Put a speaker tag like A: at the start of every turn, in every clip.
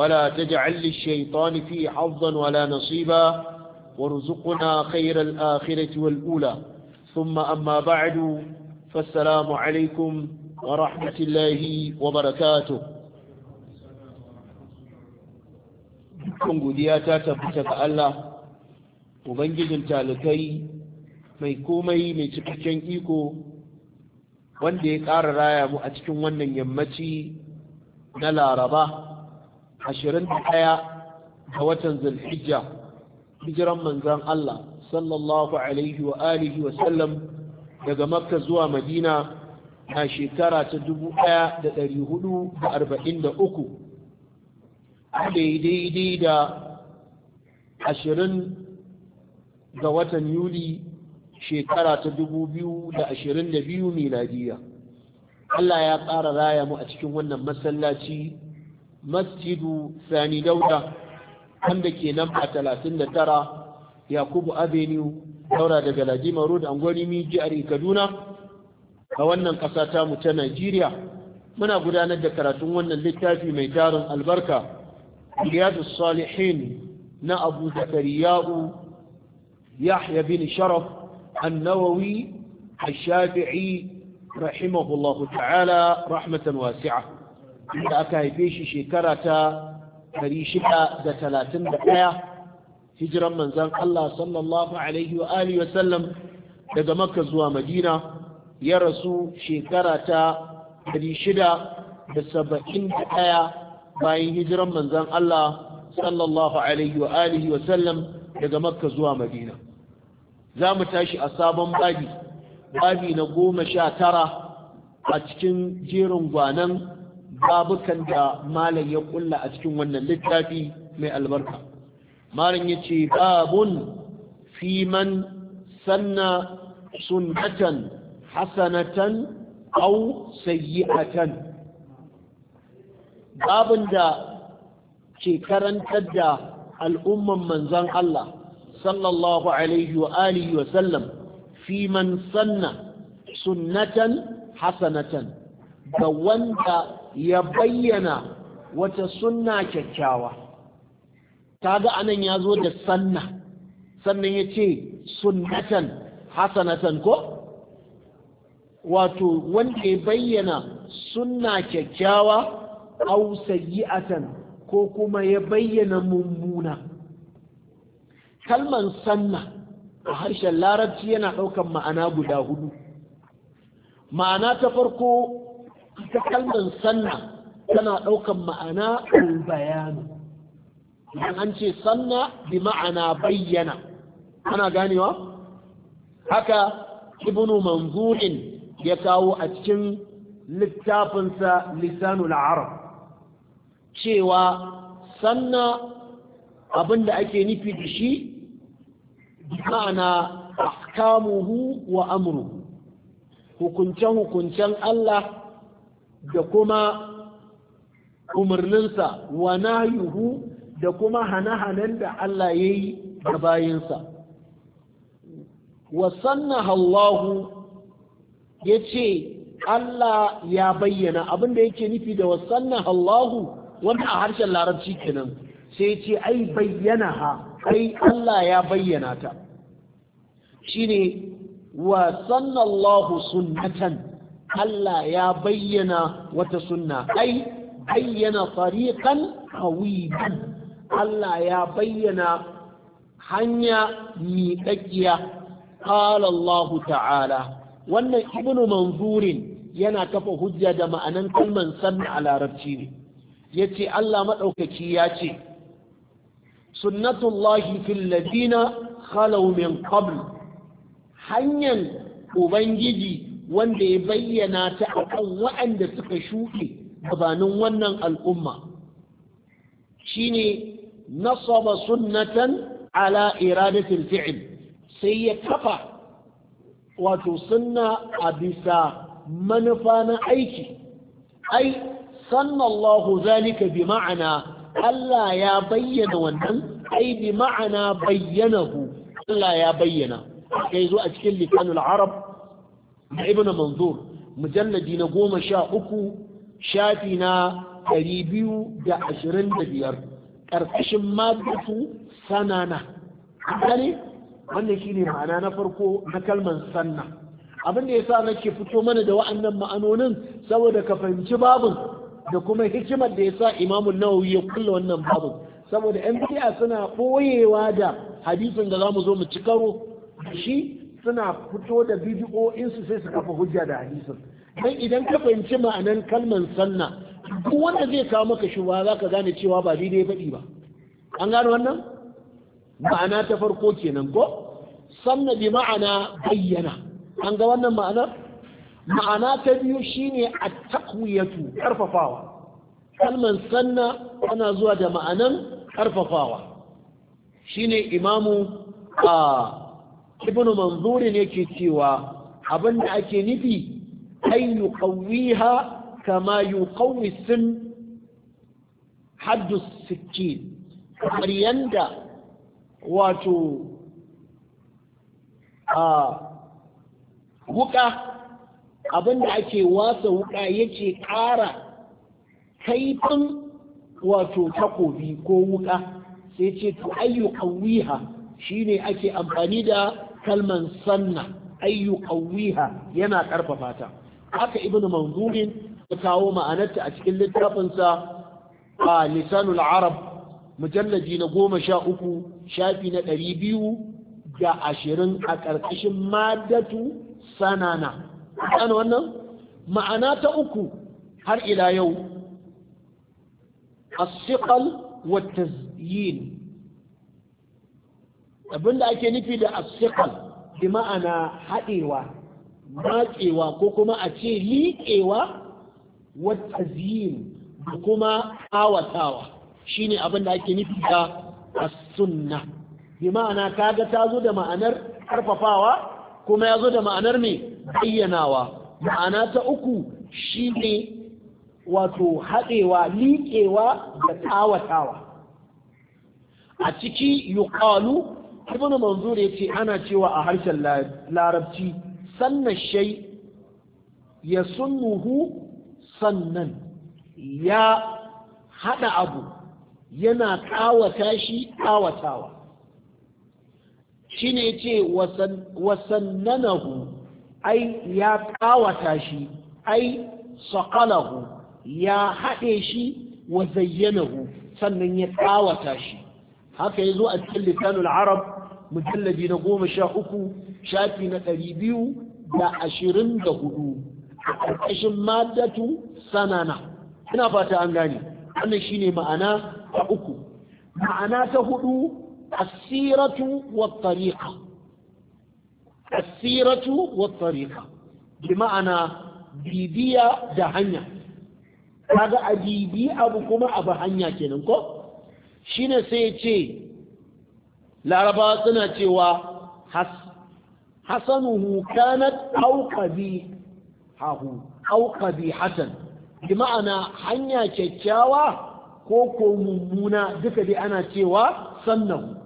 A: ولا تجعل للشيطان فيه حظا ولا نصيبا وارزقنا خير الآخرة والأولى ثم أما بعد فالسلام عليكم ورحمة الله وبركاته dukkan godiya ta tabbata ga Allah ubangijin talakai mai komai mai cikakken iko wanda ya ƙara raya mu a cikin wannan yammaci na laraba ashirin da ɗaya ga watan zulhijja hijiran manzan Allah sallallahu alaihi wa alihi wa sallam daga makka zuwa madina na shekara ta dubu ɗaya da ɗari hudu da arba'in da uku daidai da ashirin ga watan yuli shekara ta dubu biyu da ashirin da biyu miladiya Allah ya ƙara raya mu a cikin wannan masallaci masjidu sani dauda wanda ke nan a talatin da tara yakubu avenue daura daga ladima road miji jihar kaduna a wannan ƙasa ta mu ta najeriya muna gudanar da karatun wannan littafi mai taron albarka riyadu salihin na abu zakariya'u yahya bin sharaf annawawi الشافعي رحمه الله تعالى رحمة واسعة inda aka haife shi shekara ta 631 hijiran manzan Allah sallallahu alaihi wa alihi wa sallam daga makka zuwa madina ya rasu shekara ta 671 bayan hijiran manzan Allah sallallahu alaihi wa alihi wa sallam daga makka zuwa madina za mu tashi a sabon babi babi na goma sha tara a cikin jerin gwanan babukan da malam ya kulla a cikin wannan littafi mai albarka malam ya ce babun fiman, man sanna sunnatan hasanatan au sayyi'atan babun da ke karantar da al'umman manzan Allah sallallahu alaihi wa alihi wa sallam fiman, sanna sunnatan hasanatan ga wanda ya bayyana wata sunna kyakkyawa ta ga anan ya zo da sanna sannan ya ce sunnatan hasanatan ko wato wanda ya bayyana sunna kyakkyawa au atan ko kuma ya bayyana mummuna kalman sanna a harshen larabci yana ɗaukan ma'ana guda hudu ma'ana ta farko ita kalmar sanna tana ɗaukan ma'ana bayanu idan an ce sanna bi ma'ana bayyana ana ganewa haka ibnu manzurin ya kawo a cikin littafinsa lisanul arab cewa sanna abinda ake nufi da shi ma'ana ahkamuhu wa amru hukuncen hukuncen Allah da kuma umarninsa wa nahyuhu da kuma hane-hanen da Allah ya yi da bayansa. Wasanna Allahu ya ce Allah ya bayyana abin da yake nufi da wasanna Allahu wanda a harshen larabci kenan sai ce ai bayyana ha ai Allah ya bayyana ta shine wasanna Allahu sunnatan Allah ya bayyana wata sunna ai bayyana tariqan qawiban Allah ya bayyana hanya miƙaƙiya qala ta'ala wannan ibnu manzurin yana kafa hujja da ma'anan kalman san a larabci ne yace Allah madaukaki ya ce sunnatullahi fil ladina khalaw min qabl hanyan ubangiji wanda ya bayyana ta kan waɗanda suka shuɗe gabanin wannan al'umma shine nasaba sunnatan ala iradatil fi'il sai ya kafa wato sunna a bisa manufa na aiki ai sannallahu zalika bi ma'ana Allah ya bayyana wannan ai bi ma'ana bayyanahu Allah ya bayyana kai zo a cikin lisanul arab na ibn manzur mujalladi na goma sha uku shafi na ɗari biyu da ashirin da biyar ƙarƙashin madatu sanana gane wannan shine ma'ana na farko na kalman sanna abin da yasa nake fito mana da wa'annan ma'anonin saboda ka fahimci babin da kuma hikimar da ya sa imamun nawawi ya kulla wannan babin saboda yan bid'a suna ɓoyewa da hadisin da zamu zo mu ci karo shi suna fito da bidiyoyinsu sai su kafa hujja da hadisin dan idan ka fahimci ma'anar kalman sanna duk wanda zai kawo maka shuba za ka gane cewa ba daidai faɗi ba an gano wannan ma'ana ta farko kenan ko sanna bi ma'ana bayyana an ga wannan ma'ana? ma'ana ta biyu shine at-taqwiyatu karfafawa kalman sanna ana zuwa da ma'anan karfafawa shine imamu a ah, ibn manzur yake cewa abin da ake nufi ay yuqawiha kama yuqawi sin haddu suke kamar yanda wato a wuka abin da ake wasa wuka yake ƙara kaifin wato takobi ko wuka sai ce to ayyu shi shine ake amfani da kalman sanna ayyu qawwiha yana karfafa ta haka ibnu manzurin ya kawo ma'anarta a cikin littafinsa a lisanul arab mujallaji na goma sha uku shafi na ɗari biyu da ashirin a ƙarƙashin madatu sanana ana wannan ma'ana ta uku har ila yau as-siqal wa tazyin abinda ake nufi da asiqal bi ma'ana haɗewa matsewa ko kuma a ce liƙewa wa tazyin da kuma awatawa shine abinda ake nufi da as-sunna bi ma'ana ga ta zo da ma'anar karfafawa kuma ya zo da ma'anar mai bayyanawa ma'ana ta uku shine wato haɗewa liƙewa da tawatawa. a ciki yuqalu ibn manzur ya ce ana cewa a harshen larabci sannan shai ya sunnuhu sannan ya hada abu yana kawata shi kawatawa shi ne ce wasannanahu ai ya kawata shi ai sakalahu ya haɗe shi wa zayyanahu sannan ya kawata shi haka ya zo a cikin litanul arab mujallabi na goma sha uku shafi na ɗari biyu da ashirin da hudu a ƙarƙashin madatu sanana ina fata an gane wannan shine ma'ana ta uku ma'ana ta hudu asiratu wa tariqa asiratu wa tariqa bi ma'ana bibiya da hanya kaga a bibi abu kuma abu hanya kenan ko shine sai ya ce laraba suna cewa hasanuhu kanat auqabi hahu auqabi hasan bi ma'ana hanya kyakkyawa ko ko mummuna duka dai ana cewa sannan.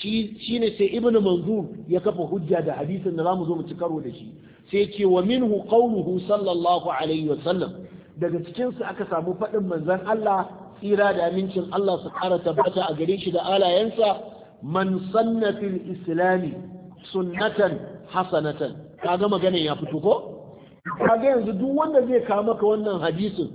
A: shi ne sai ibnu manzur ya kafa hujja da hadisin da zamu zo mu ci karo da shi sai ce wa minhu qawluhu sallallahu alaihi wa sallam daga cikinsu aka samu faɗin manzon Allah tsira da amincin Allah su kara tabbata a gare shi da alayensa man sanna fil islami sunnatan hasanatan kaga maganin ya fito ko kaga yanzu duk wanda zai kawo maka wannan hadisin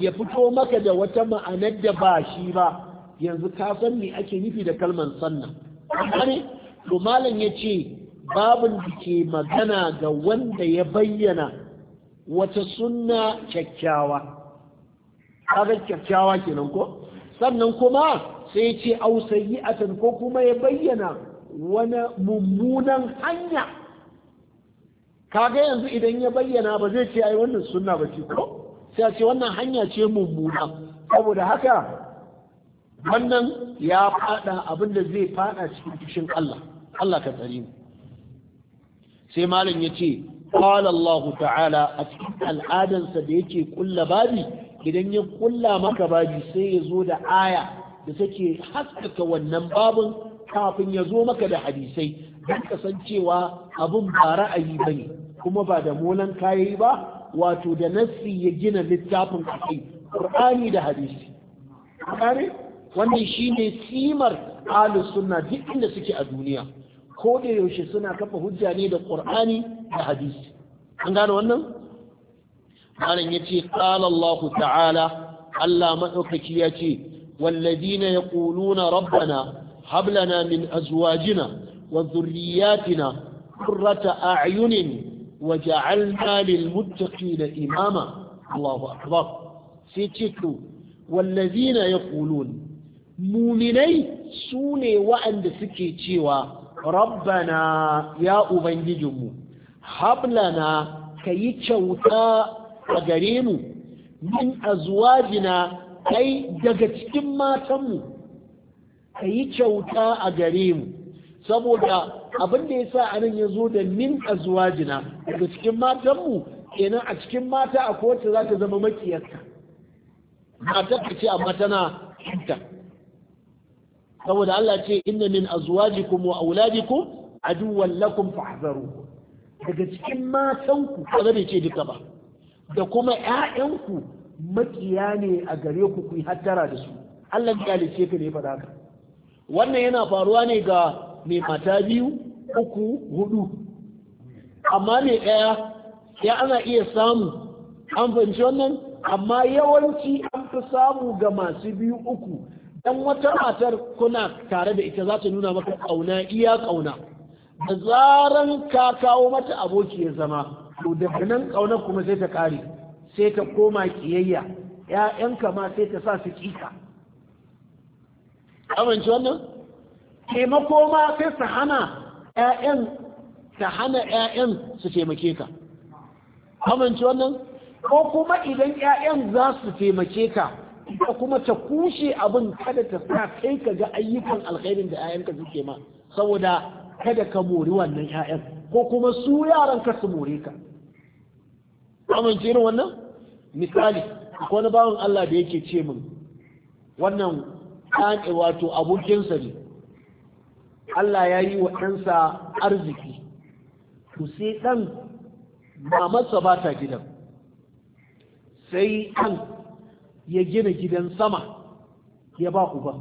A: ya fito maka da wata ma'anar da ba shi ba yanzu ka san me ake nufi da kalmar sanna ne to malam ya ce babin da ke magana ga wanda ya bayyana wata sunna kyakkyawa kaga kyakkyawa kenan ko sannan kuma sai ce au sayyi'atan ko kuma ya bayyana wani mummunan hanya kaga yanzu idan ya bayyana ba zai ce ai wannan sunna ba ce ko sai a ce wannan hanya ce mummuna saboda haka wannan ya fada abin da zai fada cikin kishin Allah Allah ka tsare mu sai malam yace qala Allah ta'ala a cikin al'adarsa da yake ƙulla babi idan ya ƙulla maka babi sai ya zo da aya da take haskaka wannan babin kafin ya zo maka da hadisai don kasancewa abin ba ra'ayi ba ne kuma ba da molan kayayi ba wato da nassi ya gina littafin kai ƙur'ani da hadisi kare wannan shine simar ahlus sunna duk inda suke a duniya ko da yaushe suna kafa hujja ne da ƙur'ani da hadisi an gane wannan malam yace ce, ta'ala Allah ya yace والذين يقولون ربنا هب لنا من أزواجنا وذرياتنا قرة أعين وجعلنا للمتقين إماما الله أكبر سيتكو والذين يقولون مؤمني سوني وأند سكي تيوا ربنا يا أبنجم هب لنا كي تشوتا وقريم من أزواجنا kai daga cikin matanmu ka yi kyauta a gare mu saboda abin da ya sa anan ya zo da min jina daga cikin matanmu kenan a cikin mata a kowace za ta zama makiyarka matar ka ce amma tana hinta saboda Allah ce inna min azwajikum wa auladikum aduwwan lakum fahzaru daga cikin matanku ba zai ce duka ba da kuma ƴaƴanku makiya ne a gare ku ku hattara da su Allah ya halice ka ne faɗa haka wannan yana faruwa ne ga mai mata biyu uku hudu amma mai ɗaya ya ana iya samu an fahimci wannan amma yawanci an fi samu ga masu biyu uku dan wata matar kuna tare da ita za ta nuna maka ƙauna iya ƙauna da zaran ka kawo mata abokiyar zama to daga nan ƙaunar kuma sai ta ƙare sai ta koma kiyayya ‘ya'yanka ma sai ta sa su kika amince wannan taimako ma sai su hana ‘ya'yan ta hana ‘ya'yan su taimake ka amince wannan ko kuma idan ‘ya'yan za su taimake ka ko kuma ta kushe abin kada ta sa kai ka ga ayyukan alkhairin da ‘ya'yanka suke ma saboda kada ka mori wannan ‘ya'yan ko kuma su yaran ka su more ka amince irin wannan misali akwai wani bawan Allah da yake ce min wannan ɗan eh, wato abokinsa ne Allah ya yi wa ɗansa arziki Ku sai ɗan mamarsa ba ta gidan sai ɗan ya gina gidan sama ya ba ba.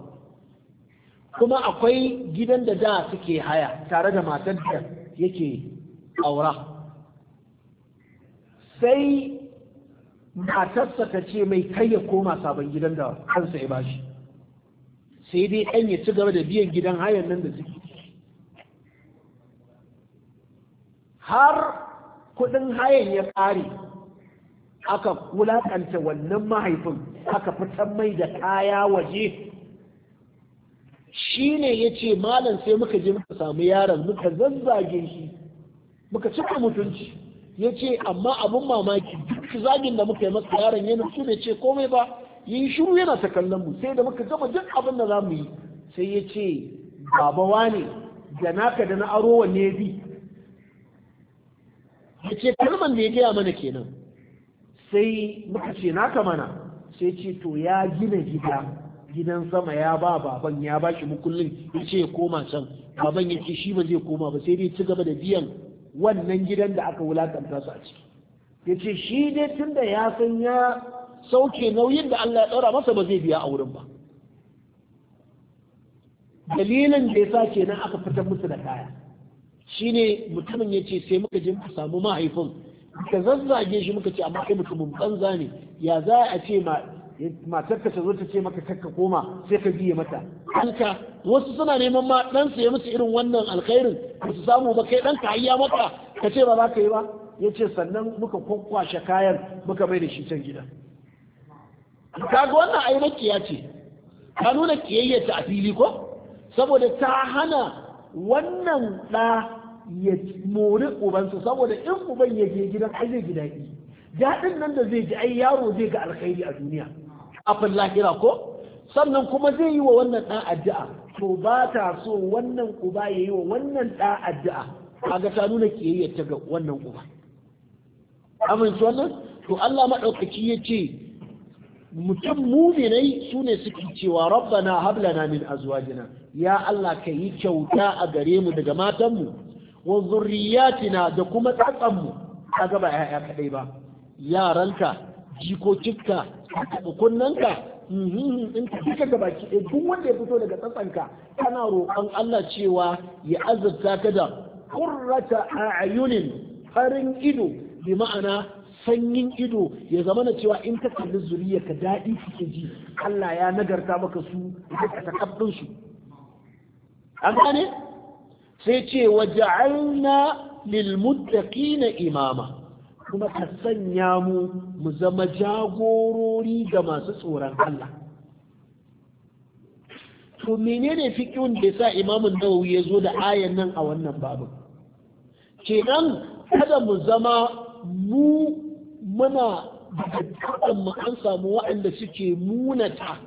A: kuma akwai gidan da da suke haya tare da matar da yake aura sai matarsa ta ce mai kai ya koma sabon gidan da kansa ya bashi sai dai ɗan ya cigaba da biyan gidan hayan nan da suke har kuɗin hayan ya ƙare aka wulaƙanta wannan mahaifin aka fitar mai da kaya waje shi ne ya ce malam sai muka je muka samu yaron muka zazzage shi muka cika mutunci ya ce amma abin mamaki duk zagin da muka yi masa yaron ya nufi bai ce komai ba ya yi shiru yana ta kallon mu sai da muka gama duk abin da za mu yi sai ya ce babawa ne da naka da na aro wanne ya bi ya ce kalman da ya gaya mana kenan sai muka ce naka mana sai ce to ya gina gida gidan sama ya ba baban ya ba shi mukullin ya ce ya koma can baban ya ce shi ba zai koma ba sai dai ci gaba da biyan wannan gidan da aka wulakanta su a ciki ya ce shi dai tun da ya san ya sauke nauyin da Allah ya ɗaura masa ba zai biya a wurin ba dalilin da ya sa kenan aka fitar musu da kaya shine mutumin ya ce sai muka je muka samu mahaifin Ka zazzage shi muka ce amma kai mutumin banza ne ya za a ce matar ka ta zo ta ce maka kakka koma sai ka biye mata an ka wasu suna neman ma dan ya musu irin wannan alkhairin ba su samu ba kai dan ka hayya maka ka ce ba za ka yi ba ya sannan muka kwakwashe kayan muka mai da shi can gida kaga wannan ai ya ce ka nuna kiyayyata a fili ko saboda ta hana wannan ɗa ya mori ubansa saboda in uban ya je gidan ai zai ji daɗi nan da zai ji ai yaro zai ga alkhairi a duniya a lahira ko sannan kuma zai yi wa wannan ɗan addu'a to ba ta so wannan uba ya yi wa wannan ɗan addu'a ga ta nuna yi ta ga wannan uba amince wannan to Allah maɗaukaki ya ce mutum muminai su ne suke cewa rabbana hablana min jina. ya Allah ka yi kyauta a gare mu daga matanmu wa zurriyatina da kuma tsatsanmu Ka gaba ya'ya kaɗai ba yaranka jikokinka kunnanka in ka duka ga baki ɗaya duk wanda ya fito daga tsatsanka kana roƙon Allah cewa ya azurta ka da qurrata a'yunin farin ido bi ma'ana sanyin ido ya zama na cewa in ka kalli zuriya ka daɗi suke ji Allah ya nagarta maka su da takabbin su an gane sai ce wa ja'alna lil muttaqina imama kuma ka sanya mu mu zama jagorori ga masu tsoron Allah to menene fikin da sa imamun nawawi ya zo da ayan nan a wannan babu kenan kada mu zama mu muna da mu an samu waɗanda suke munata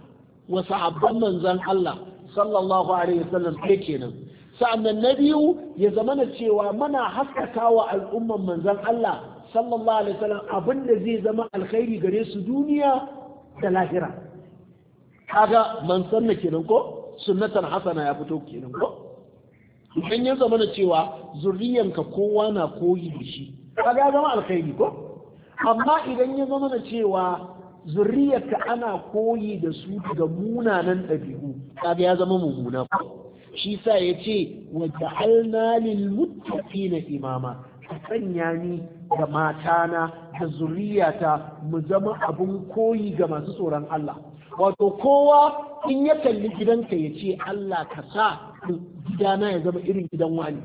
A: wa abban manzan Allah sallallahu alaihi wasallam sai kenan sa'annan na biyu ya zama na cewa muna haskaka wa al'umman manzan Allah sallallahu alaihi wasallam abin da zai zama alkhairi gare su duniya da lahira kaga man sanna kenan ko sunnatan hasana ya fito kenan ko idan ya zama na cewa zurriyanka kowa na koyi da shi kaga ya zama alkhairi ko amma idan ya zama na cewa zurriyarka ana koyi da su daga munanan ɗabi'u kaga ya zama mummuna ko shi sa ya ce wa ja'alna lil muttaqina imama ka sanya ni da matana da zuriyata mu zama abun koyi ga masu tsoron Allah wato kowa in ya kalli gidanka ya ce Allah ka sa gidana ya zama irin gidan wani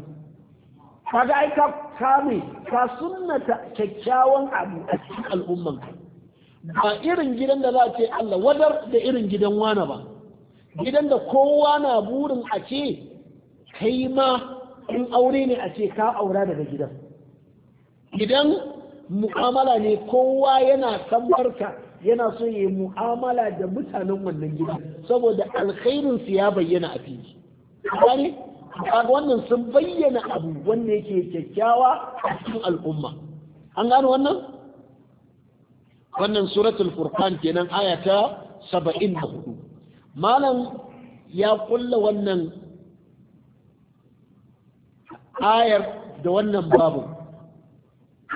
A: kaga ai ka kame ka sunnata kyakkyawan abu a cikin al'umman ba irin gidan da za a ce Allah wadar da irin gidan wani ba gidan da kowa na burin a ce kai ma in aure ne a ce ka aura daga gidan idan mu'amala ne kowa yana san barka yana so ya mu'amala da mutanen wannan gida saboda alkhairin su ya bayyana a fili gane kaga wannan sun bayyana abu wanda yake kyakkyawa a cikin al'umma an gano wannan wannan suratul furqan kenan aya ta 74 malam ya kulla wannan ayar da wannan babu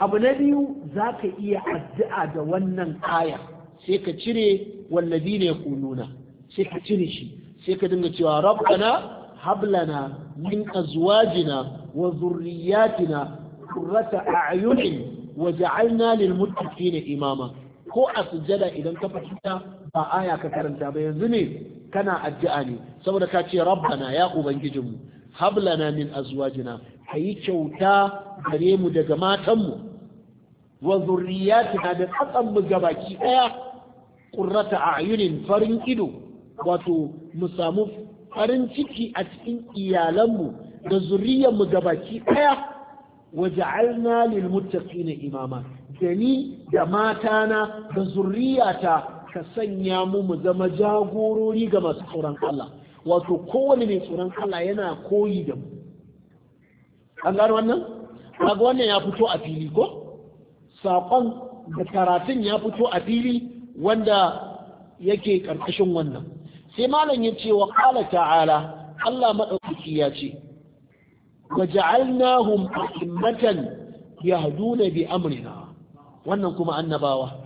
A: abu na biyu za ka iya addu'a da wannan aya sai ka cire wallabi ne kununa sai ka cire shi sai ka dinga cewa rabbana hablana min azwajina wa zurriyatina qurrata waje waj'alna lil muttaqina imama ko a sujjada idan ka fahimta ba aya ka karanta ba yanzu ne kana addu'a ne saboda ka ce rabbana ya ubangijinmu hablana min azwajina a yi kyauta gare mu daga matan matanmu wa na da mu gabaki ɗaya ƙurrata a ayunin farin ido wato mu samu farin ciki a cikin iyalanmu da ga gabaki ɗaya wa ja'alna lil muttaqina imama da ni da matana da zurriyata ka sanya mu mu zama jagorori ga masu tsoron Allah wato kowane mai tsoron Allah yana koyi da mu an gano wannan kaga wannan ya fito a fili ko saƙon da karatun ya fito a fili wanda yake ƙarƙashin wannan sai malam ya ce wa ƙala ta'ala Allah maɗaukaki ya ce wa ja'alnahum a'immatan yahduna bi amrina wannan kuma annabawa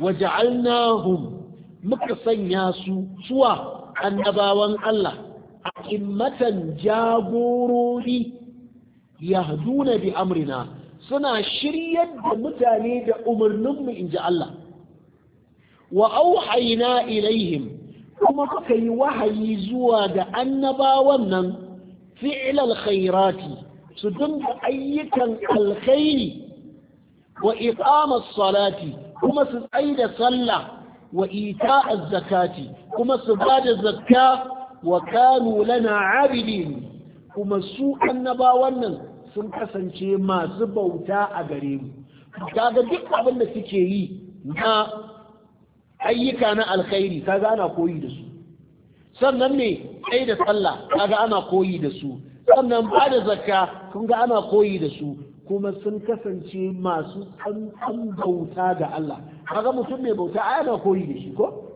A: wa ja'alnahum muka sanya su suwa annabawan Allah a immatan jagorori yahduna bi amrina suna shiryar da mutane da umarninmu in ji Allah wa auhaina ilaihim kuma kuka yi wahayi zuwa da annabawan nan fi'ilal khairati su dinga ayyukan alkhairi wa iqamas salati kuma su tsaida sallah wa ita'az zakati kuma su bada zakka wa kanu lana abidin kuma su annabawan nan sun kasance masu bauta a gare mu kaga duk abin da suke yi na ayyuka na alkhairi kaga ana koyi da su sannan ne sai da sallah kaga ana koyi da su sannan ba da zakka kun ga ana koyi da su kuma sun kasance masu tsantsan bauta ga Allah kaga mutum mai bauta ana koyi da shi ko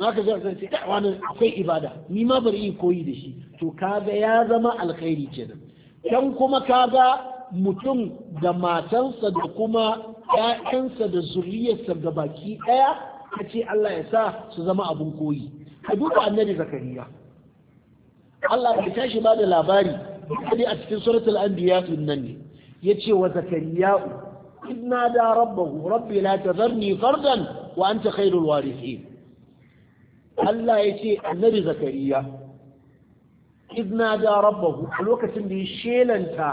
A: na ka ga zan ce wani akwai ibada ni ma bari yi koyi da shi to kaga ya zama alkhairi kenan can kuma kaga mutum da matansa da kuma ‘ya'yansa da zuriyarsa ga baki ɗaya ka ce Allah ya sa su zama abin koyi. Ka duba annabi Zakariya. Allah ya tashi ba da labari, dai a cikin suratul anbiya nan ne, ya ce wa Zakariya, Inna da rabbahu rabbi la tazarni fardan wa anta khairul Allah ya ce annabi zakariya izna da rabbahu a lokacin da ya shelanta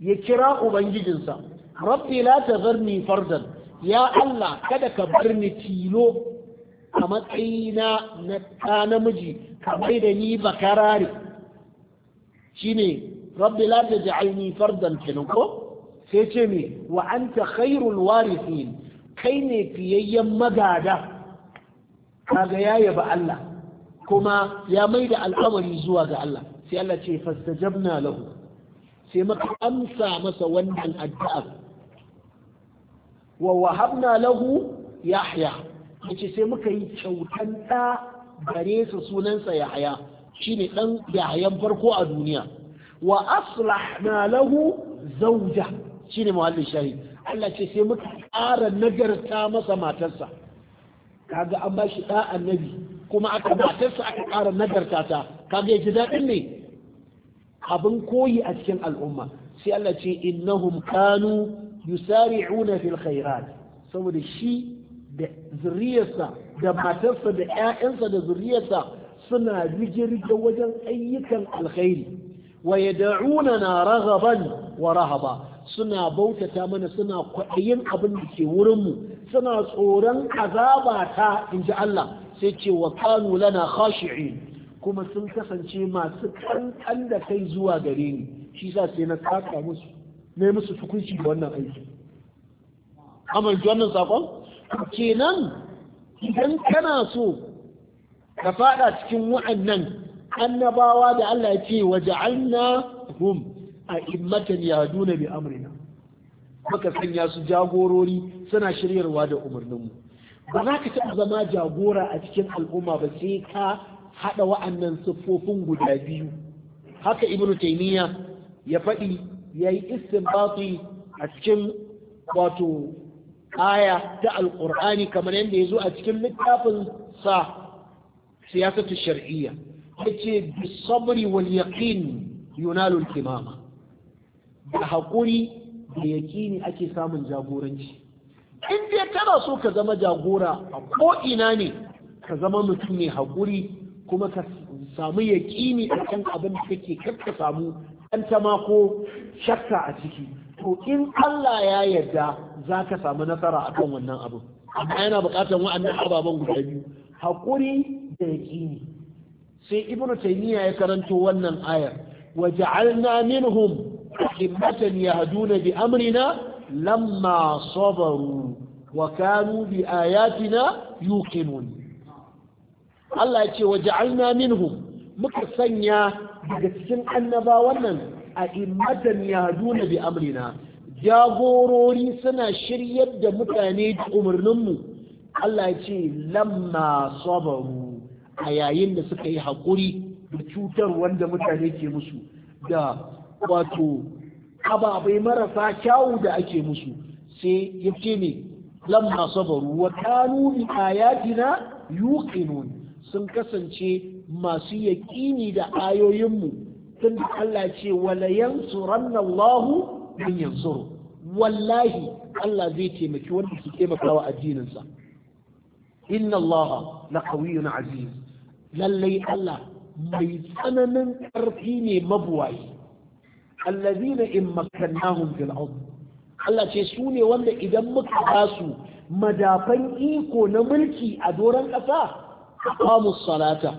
A: ya kira ubangijinsa rabbi la tazarni fardan ya Allah kada ka bar ni tilo a matsayina na ta namiji ka bai da ni bakarare shine rabbi la taj'alni fardan kenan ko sai ce me wa anta khairul warithin kai ne fiyayyen magada kaga ya yaba Allah kuma ya mai da al'amari zuwa ga Allah sai Allah ce fastajabna lahu sai muka amsa masa wannan addu'a wa wahabna lahu yahya yace sai muka yi kyautan da gare su sunansa yahya shine dan yahyan farko a duniya wa aslahna lahu zawja shine muhallin shahid Allah ce sai muka ƙara nagarta masa matarsa kaga an ba shi ɗa annabi kuma aka matarsa aka ƙara nagarta ta kaga ya ji daɗin ne abin koyi a cikin al'umma sai Allah ce innahum kanu yusari'una fil khairat saboda shi da zuriyarsa da matarsa da ƴaƴansa da zuriyarsa suna rige-rige wajen ayyukan alkhairi wa na raghaban wa rahaba suna bautata mana suna kwaɗayin abin da ke wurinmu suna tsoron azaba ta in ji Allah sai ce wa kanu lana khashi'in kuma sun kasance masu kankan da kai zuwa gare ni shi sa sai na saka musu ne musu tukunci da wannan aiki amma ji wannan sakon kenan idan kana so ka fada cikin wa'annan annabawa da Allah ya ce waja'alna hum a'immatan yaduna bi amrina muka sanya su jagorori suna shiryarwa da umarninmu ba za ka taɓa zama jagora a cikin al'umma ba sai ka haɗa wa'annan siffofin guda biyu haka ibnu taymiya ya faɗi ya yi istinbati a cikin wato aya ta alƙur'ani kamar yadda ya zo a cikin littafin sa siyasatu shar'iyya yace bisabri wal yaqin yunalul kimama da haƙuri da yaƙini ake samun jagoranci in dai kana so ka zama jagora a ko'ina ne ka zama mutum mai haƙuri kuma ka samu yaƙini a kan abin da kake ka samu ta mako shakka a ciki to in Allah ya yarda za ka samu nasara a kan wannan abin amma yana buƙatar wa'annan ababen guda biyu haƙuri da yaƙini sai ibnu taymiya ya karanto wannan ayar wa ja'alna minhum أحبة Lamma بأمرنا wa صبروا وكانوا بآياتنا يوقنون Allah ya ce wa ja'alna minhum muka sanya daga cikin annabawan nan a immatan yahduna bi amrina jagorori suna shiryar da mutane da umarninmu Allah ya ce lamma sabaru a yayin da suka yi haƙuri da cutar wanda mutane ke musu da wato ababai marasa kyawu da ake musu sai ya ce ne lamma sabaru wa kanu bi ayatina yuqinun sun kasance masu yaƙini da ayoyinmu tun da Allah ce wala yansuranna Allahu min yansuru wallahi Allah zai taimaki wanda ke taimakawa addininsa inna Allah la qawiyyun aziz lallai Allah mai tsananin ƙarfi ne mabuwayi allazina in makkannahum fil ard Allah ce su ne wanda idan muka ba su madafan iko na mulki a doron ƙasa qamu salata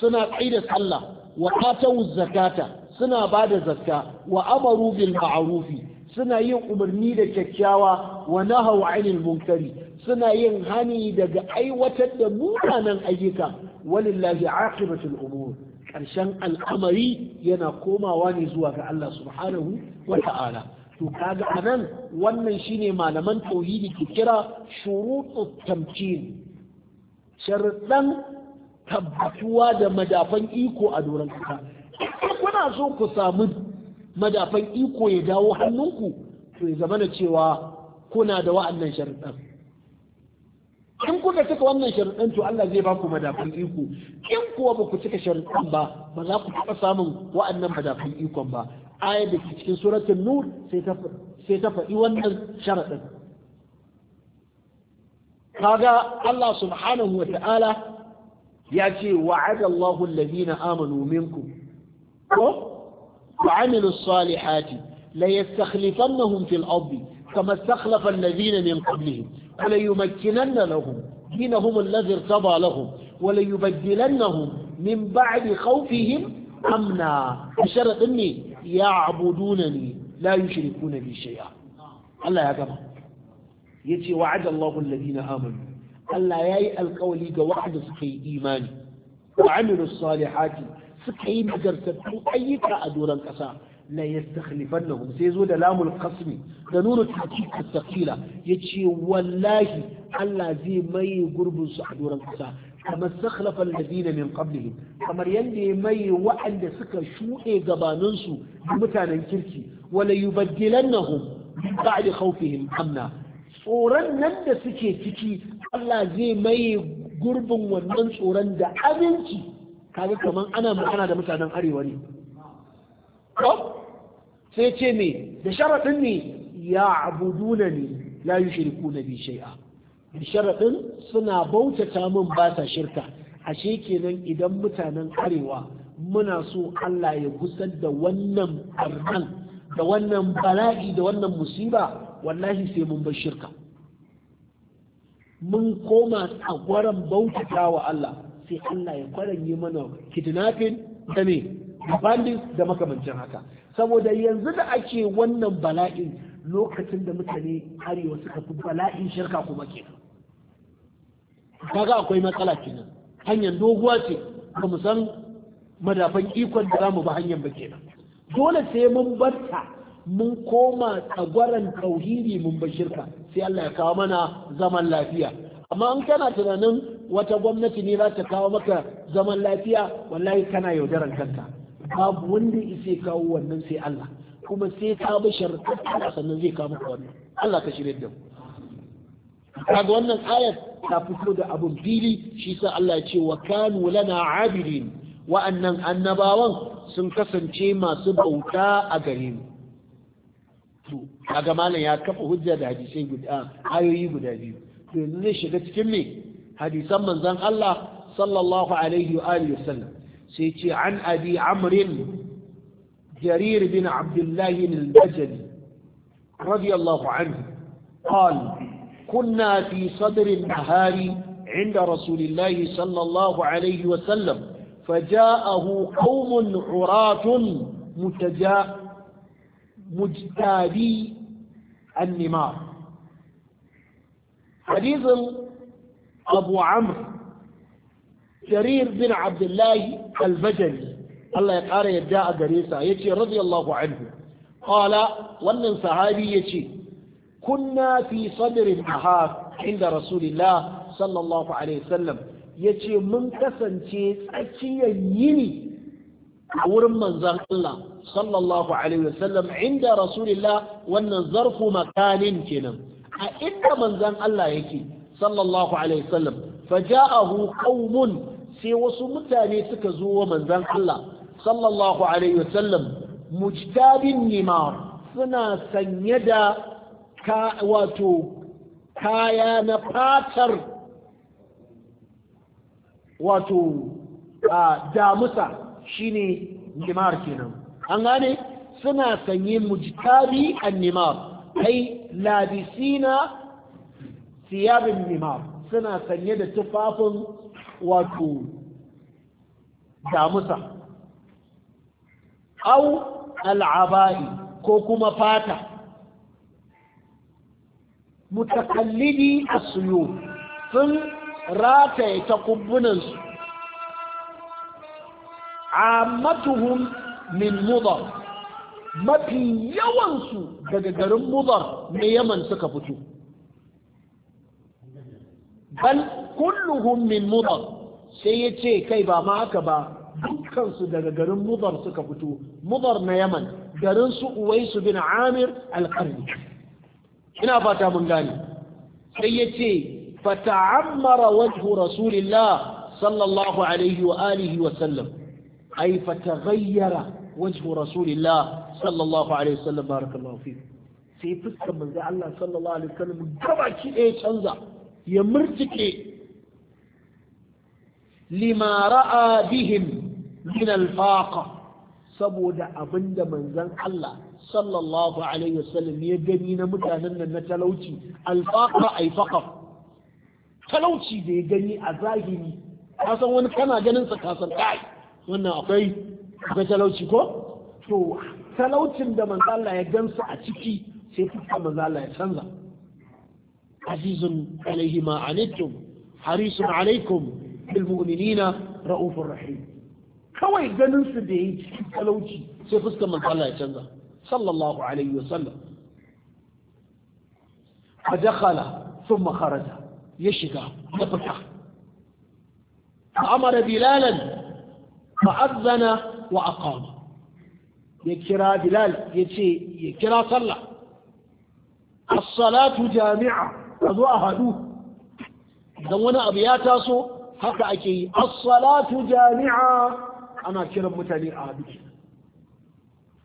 A: suna tsaida sallah wa atu zakata suna ba da zakka wa amaru bil ma'rufi suna yin umarni da kyakkyawa wa nahau 'anil munkari suna yin hani daga aiwatar da munanan ayyuka walillahi aqibatul umur ƙarshen al'amari yana komawa ne zuwa ga Allah subhanahu wa ta'ala to kaga anan wannan shine malaman tauhidi ke kira shurutu tamkin sharuɗan tabbatuwa da madafan iko a doron kuka. kuna so ku samu madafan iko ya dawo hannunku to ya zama cewa kuna da wa'annan sharuɗan in kuka cika wannan sharuɗan to Allah zai ba ku madafin iko in kuwa ba ku cika sharuɗan ba ba za ku taɓa samun wa'annan madafin ikon ba ayar da ke cikin suratul nur sai ta faɗi wannan sharaɗin kaga Allah subhanahu wa ta'ala ya ce wa'ada Allahu alladhina amanu minkum ko wa amilus salihati la yastakhlifannahum fil ardi كما استخلف الذين من قبلهم وليمكنن لهم دينهم الذي ارتضى لهم وليبدلنهم من بعد خوفهم أمنا بشرط أني يعبدونني لا يشركون بي شيئا الله يا جماعة يتي وعد الله الذين آمنوا الله ياي القولي وعد سكي إيماني وعملوا الصالحات سكي نجر أي كأدورا أدورا la yastakhlifannahum sai zo da lamul qasmi da nunu tahqiq as yace wallahi Allah zai mai gurbin su a doran kasa kama sakhlafa alladhina min qablihim kamar yanda ya mai wa'anda suka shuɗe gabanin su mutanen kirki wala yubaddilannahum min ba'di khawfihim amna tsoron nan da suke ciki Allah zai mai gurbin wannan tsoron da aminci kaga kaman ana magana da mutanen arewa ne sai ce me da sharaɗin ne ya na ne la shirku na bi shai'a. da sharaɗin suna bautata min ba sa shirka ashe kenan idan mutanen arewa muna so Allah ya gusar da wannan arnan da wannan bala'i da wannan musiba wallahi sai mun bar shirka mun koma a tsagwaron bautata wa Allah sai Allah ya kwaranye mana kidnapping da ne da bandits da makamancin haka saboda yanzu da ake wannan bala'in lokacin da mutane arewa suka fi bala'in shirka kuma ke kaga akwai matsala kenan hanyar doguwa ce ba mu san madafan ikon da zamu ba hanyar ba kenan dole sai mun barta mun koma tsagwaran tauhidi mun bar shirka sai Allah ya kawo mana zaman lafiya amma in kana tunanin wata gwamnati ne za ta kawo maka zaman lafiya wallahi kana yaudarar kanka babu wanda ya kawo wannan sai Allah kuma sai ka bi sharuɗin Allah sannan zai kawo maka wannan Allah ka shirya da mu kaga wannan ayat ta fito da abun fili shi sa Allah ya ce wa kanu lana abidin wa'annan annabawan sun kasance masu bauta a gare mu to kaga malam ya kafa hujja da hadisai guda ayoyi guda biyu to yanzu zai shiga cikin me hadisan manzon Allah sallallahu alaihi wa alihi wasallam سيتي عن أبي عمرو جرير بن عبد الله البجلي رضي الله عنه قال كنا في صدر النهار عند رسول الله صلى الله عليه وسلم فجاءه قوم عراة متجا مجتادي النمار حديث أبو عمرو jarir bin abdullahi albajali Allah ya ƙara yadda a gare sa ya ce radiyallahu anhu wannan sahabi yace ce kunna fi sadrin ahar inda rasulillah sallallahu alaihi wasallam ya ce mun kasance tsakiyar yini a wurin manzan Allah sallallahu alaihi wasallam inda rasulillah wannan zarfu makanin kenan a inda manzan Allah yake sallallahu alaihi wasallam faja'ahu sai wasu mutane suka zo wa manzan Allah sallallahu alaihi wasallam mujtabin nimar suna sanye da ka wato kaya na fatar wato a damusa shine nimar kenan an gane suna sanye mujtabi an-nimar ai labisina thiyabin nimar suna sanye da tufafin wato damusa au al'aba'i ko kuma fata mutakallidi asuyo sun rataye ta kubbunansu ammatuhum min mudar mafi yawansu daga garin mudar na yaman suka fito bal kulluhum min mudar sai ya ce kai ba ma haka ba dukkansu daga garin mudar suka fito mudar na yaman garin su su bin amir alƙarni ina fata mun gane sai ya ce fata'ammara wajhu rasulillah sallallahu alaihi wa alihi wa sallam ai ay fataghayyara wajhu rasulillah sallallahu alaihi wa sallam barakallahu fikum sai fuskar manzo Allah sallallahu alaihi wa sallam gaba ki canza ya murtike lima ra'a bihim min alfaqa saboda abinda manzon Allah sallallahu alaihi wasallam ya gani na mutanen nan na talauci alfaqa ay faqaf talauci da ya gani a zahiri ka san wani kana ganin sa ka san kai wannan akwai akwai talauci ko to talaucin da manzon Allah ya gansu a ciki sai fuska manzon Allah ya canza azizun alaihi ma anittum harisun alaikum بالمؤمنين رؤوف رحيم كوي جنن سدي كلوشي سي فسكا من الله يتنزا صلى الله عليه وسلم فدخل ثم خرج يشكا يفتح فأمر بلالا فأذن وأقام يكرا بلال يتي صلى الصلاة جامعة أضوء هدوه إذا وانا أبيات أصوه haka ake yi as-salatu jami'a ana kiran mutane a biki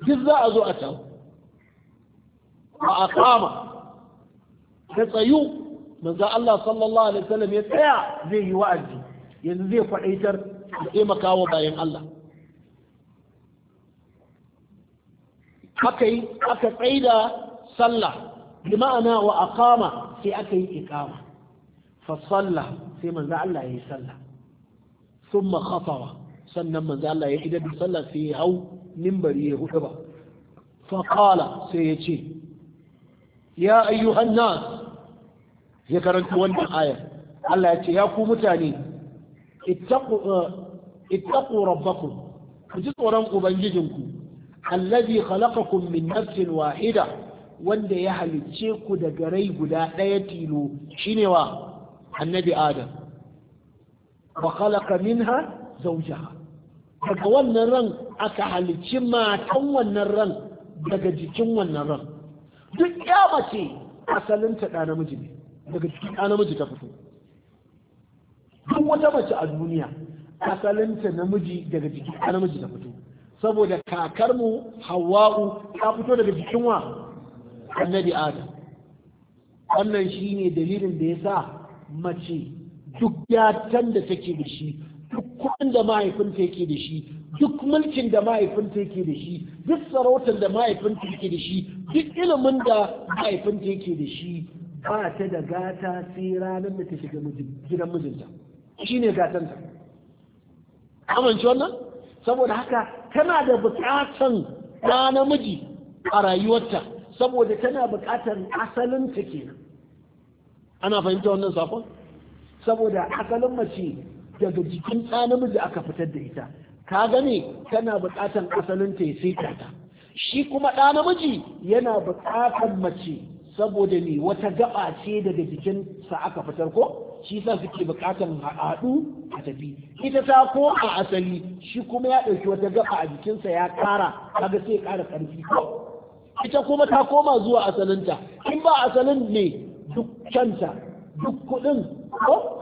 A: duk za a zo a tawo a aqama ta tsayu manzo Allah sallallahu alaihi wasallam ya tsaya zai yi wa'azi yanzu zai faɗaitar da taimaka wa bayan Allah aka yi aka tsaida sallah bi ma'ana wa aqama sai aka yi iqama fasalla sai manzo Allah ya yi sallah thumma khatara sannan manzo Allah ya idan sallah sai ya hau minbari ya hudu ba fa qala sai ya ce ya ayyuhan nas ya karanta wannan ayar Allah ya ce ya ku mutane ittaqu ittaqu rabbakum ku ji tsoron ubangijinku allazi khalaqakum min nafsin wahida wanda ya halicce ku daga rai guda ɗaya tilo shine wa annabi adam wa khalaqa minha zawjaha daga wannan ran aka halicci matan wannan ran daga jikin wannan ran duk ya mace ta ɗa namiji ne daga jikin ɗa namiji ta fito duk wata mace a duniya ta namiji daga jikin ɗa namiji ta fito saboda kakarmu hawa'u ta fito daga jikin wa annabi adam wannan shine dalilin da ya sa mace duk yatan da take da shi duk kuɗin da mahaifinta yake da shi duk mulkin da mahaifinta yake da shi duk sarautar da mahaifinta yake da shi duk ilimin da mahaifinta yake da shi ba ta da gata sai ranar da ta shiga gidan mijinta shi ne gatanta amince wannan saboda haka tana da bukatan ɗa namiji a rayuwarta saboda tana asalin asalinta kenan ana fahimta wannan sakon saboda asalin mace daga jikin ɗa namiji aka fitar da ita ka gane tana buƙatar asalinta ya saita ta shi kuma ɗa namiji yana buƙatar mace saboda ne wata gaba ce daga jikin sa aka fitar ko shi sa suke buƙatar haɗu a tafi ita ta ko a asali shi kuma ya ɗauki wata gaba a jikinsa ya ƙara kaga sai ƙara ƙarfi ko ita kuma ta koma zuwa asalinta in ba asalin ne duk kyanta duk kudin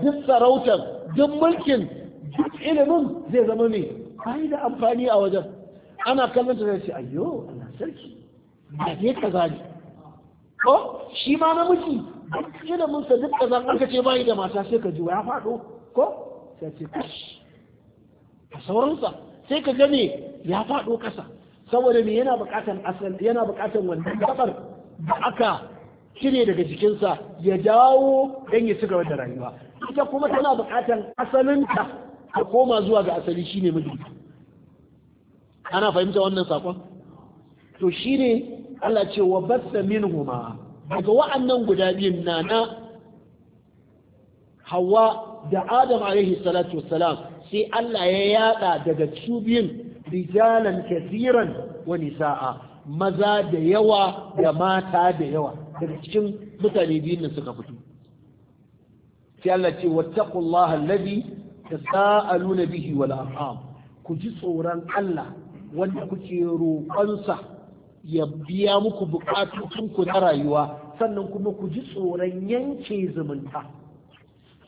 A: duk sarautar duk mulkin duk ilimin zai zama ne ai da amfani a wajen ana kallon ta sai ayyo ana sarki ba ke kaza ne ko shi ma namiji duk ilimin sa duk kaza aka ce bai da mata sai ka ji ya fado ko sai ce kash a sauransa sai ka gane ya fado kasa saboda me yana bukatan asali yana bukatan wannan gabar da aka cire daga jikinsa ya dawo don ya ci gaba da rayuwa ita kuma tana buƙatar asalinta a koma zuwa ga asali shine mijinta ana fahimta wannan sakon to shi ne Allah ce wa basta huma daga wa'annan guda biyun na na Hawa da Adam alaihi salatu wassalam sai Allah ya yada daga cubin rijalan kasiran wani sa'a, maza da yawa da mata da yawa daga cikin mutane biyun nan suka fito sai Allah ce sa allazi tasaaluna bihi wal arham ku ji tsoron Allah wanda kuke roƙonsa ya biya muku buƙatun ku na rayuwa sannan kuma ku ji tsoron yanke zumunta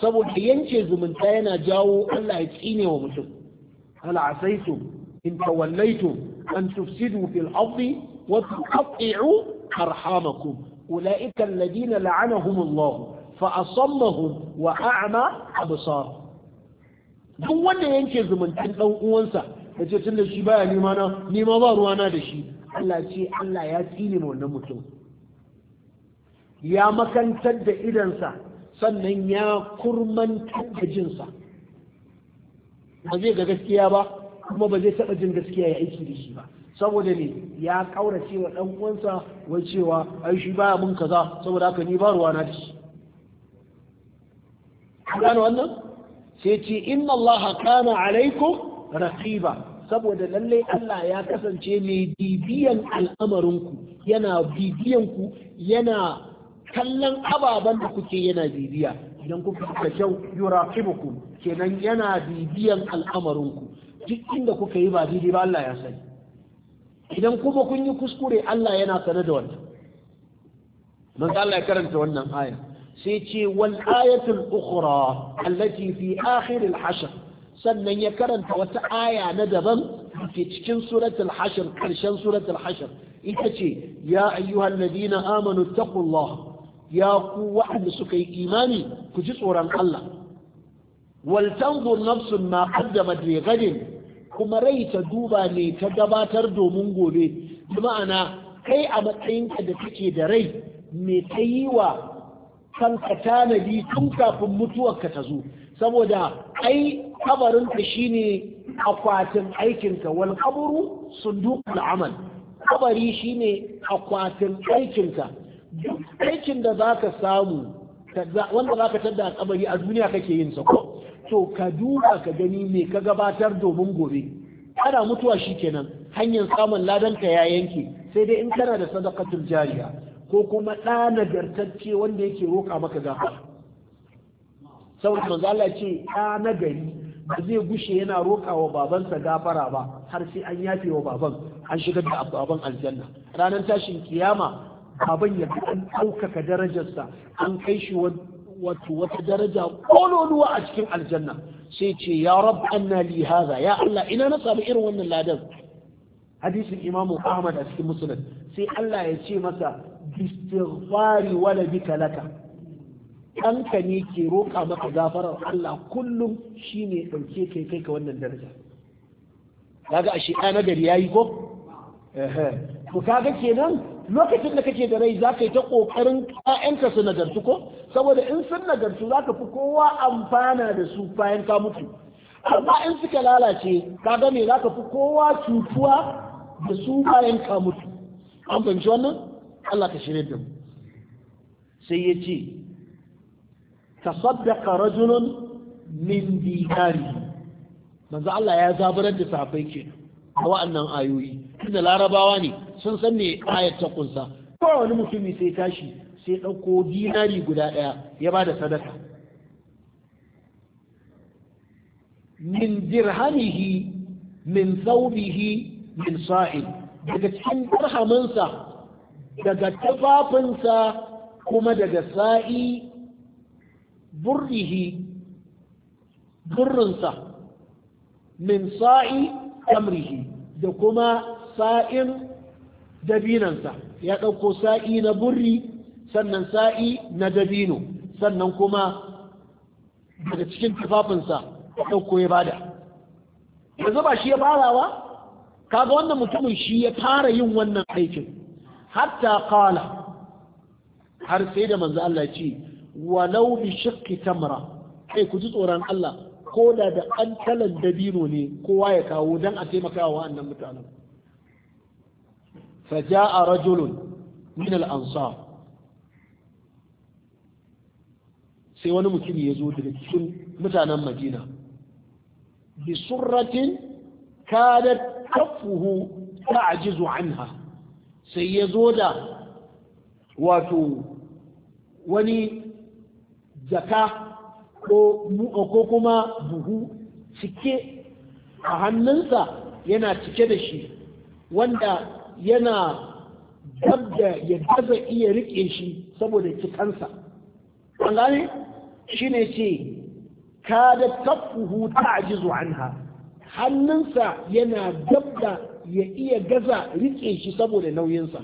A: saboda yanke zumunta yana jawo Allah ya tsine wa mutum hal asaitum in tawallaitum an tufsidu fil ardi wa tuqti'u arhamakum أولئك الذين لعنهم الله فأصمهم وأعمى أبصار duk wanda yanke zumuntan ɗan uwansa da ce tun da shi baya nema na nema ba ruwana da shi Allah ce Allah ya tsine ma wannan mutum ya makantar da idansa sannan ya kurmantar da jinsa ba zai ga gaskiya ba kuma ba zai taɓa jin gaskiya ya aiki da shi ba saboda ne ya kaura cewa dan uwansa wai cewa ai shi baya mun kaza saboda haka ni ba ruwa na dashi gano wannan sai ce inna Allah kana alaikum raqiba saboda lalle Allah ya kasance mai bibiyan al'amarinku yana bibiyan ku yana kallon ababen da kuke yana bibiya idan kuka da kyau yuraqibukum kenan yana bibiyan al'amarinku duk inda kuka yi ba daidai ba Allah ya sani idan kuma kun yi kuskure Allah yana sane da wannan manzo Allah ya karanta wannan aya sai ce wal ayatul ukhra allati fi akhir al hashr sannan ya karanta wata aya na daban ke cikin suratul hashr karshen suratul hashr ita ce ya ayyuhal ladina amanu taqullah ya ku wa'anda suka yi imani ku ji tsoron Allah wal tanzur nafsun ma qaddamat li ghadin kuma rai ta duba ne ta gabatar domin gobe ma'ana kai a matsayinka da take da rai me ta yi wa kanka tanadi tun kafin mutuwarka ta zo saboda ai kabarinka shine akwatin aikinka wal kaburu sunduqul amal kabari shine akwatin aikinka duk aikin da ka samu wanda ka tada a kabari a duniya kake yin sa ko to ka duba ka gani me ka gabatar domin gobe ana mutuwa shi kenan hanyar samun ladanka ya yanke sai dai in kana da sadaqatul jariya ko kuma ɗa nagartacce wanda yake roƙa maka gafara saboda manzo Allah ce ɗa nagari ba zai gushe yana roƙa wa babansa gafara ba har sai an yafe wa baban an shigar da baban aljanna ranar tashin kiyama baban ya an ɗaukaka darajarsa an kai shi wani wato wata daraja kololuwa a cikin aljanna sai ce ya rab anna li hadha ya Allah ina na samu irin wannan ladan hadisin Imam Ahmad a cikin musulun. sai Allah ya ce masa istighfari wala bika laka ɗanka ne ke roƙa maka gafarar Allah kullum shine ɗauke kai kai ka wannan daraja kaga ashe ɗana gari yayi ko to kaga kenan lokacin da kake da rai za ka yi ta ƙoƙarin ƴaƴanka su nagartu ko saboda in sun nagartu za ka fi kowa amfana da su bayan ka mutu amma in suka lalace ka ga me za ka fi kowa cutuwa da su bayan ka mutu an fahimci wannan Allah ka shirya da mu sai ya ce tasaddaqa rajulun min dikari manzo Allah ya zabarar da safai kenan a wa'annan ayoyi da larabawa ne sun san ne ayat ta kunsa ko wani mutumi sai tashi sai ɗauko dinari guda ɗaya ya ba da sadaka min dirhamihi min thawbihi min sa'id daga cikin dirhaminsa daga tufafinsa kuma daga sa'i burrihi burrinsa min sa'i amrihi da kuma sa'in dabinansa ya ɗauko sa'i na burri sannan sa'i na dabino sannan kuma daga cikin tufafinsa ya ɗauko ya bada yanzu ba shi ya farawa kaga wannan mutumin shi ya fara yin wannan aikin hatta kala har sai da manzo Allah ce walau bi shiqqi tamra kai ku ji tsoron Allah ko da da an talan dabino ne kowa ya kawo dan a taimaka wa wannan mutanen فجاء رجل من الأنصار sai wani mutum ya zo daga cikin mutanen madina bi surratin kadat kafuhu ta'jizu anha sai ya zo da wato wani jaka ko kuma buhu cike a hannunsa yana cike da shi wanda yana dab da ya gaza iya riƙe shi saboda cikansa an gane shi ne ce ka da tafuhu ta anha hannunsa yana dab da ya iya gaza rike shi saboda nauyinsa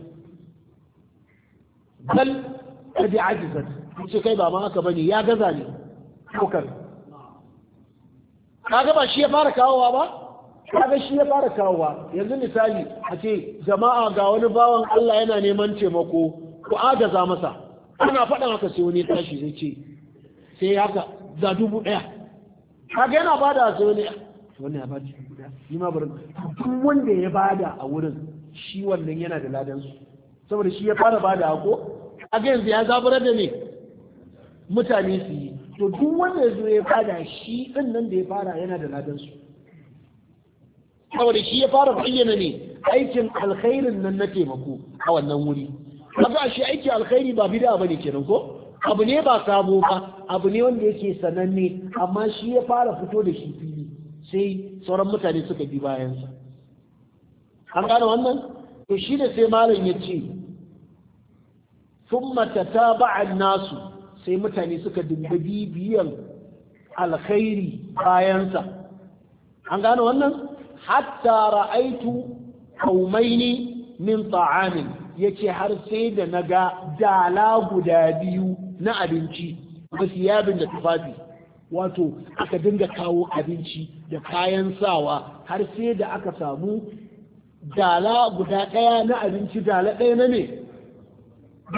A: bal ka bi ajizat ce kai ba ma haka bane ya gaza ne kokar ka ga ba shi ya fara kawowa ba kaga shi ya fara kawowa yanzu misali a ce jama'a ga wani bawan Allah yana neman taimako ku agaza masa ana faɗa haka sai wani tashi zai ce sai haka ga dubu ɗaya kaga yana bada sai wani wannan ya bada dubu ɗaya ma bari duk wanda ya bada a wurin shi wannan yana da ladan su saboda shi ya fara bada ko kaga yanzu ya zaburar da ne mutane su yi to duk wanda ya zo ya bada shi ɗin nan da ya fara yana da ladan su saboda shi ya fara bayyana ne aikin alkhairin nan na taimako a wannan wuri kaga shi aiki alkhairi ba bid'a bane kenan ko abu ne ba sabo ba abu ne wanda yake sananne amma shi ya fara fito da shi fili sai sauran mutane suka bi bayansa an gane wannan to shi ne sai malam ya ce thumma tataba'an nasu sai mutane suka dinga bibiyan alkhairi bayansa an gane wannan hatta ra'aitu kaumaini min ta'amin yace har sai da naga dala guda biyu na abinci da siyabin da tufafi wato aka dinga kawo abinci da kayan sawa har sai da aka samu dala guda ɗaya na abinci dala ɗaya na ne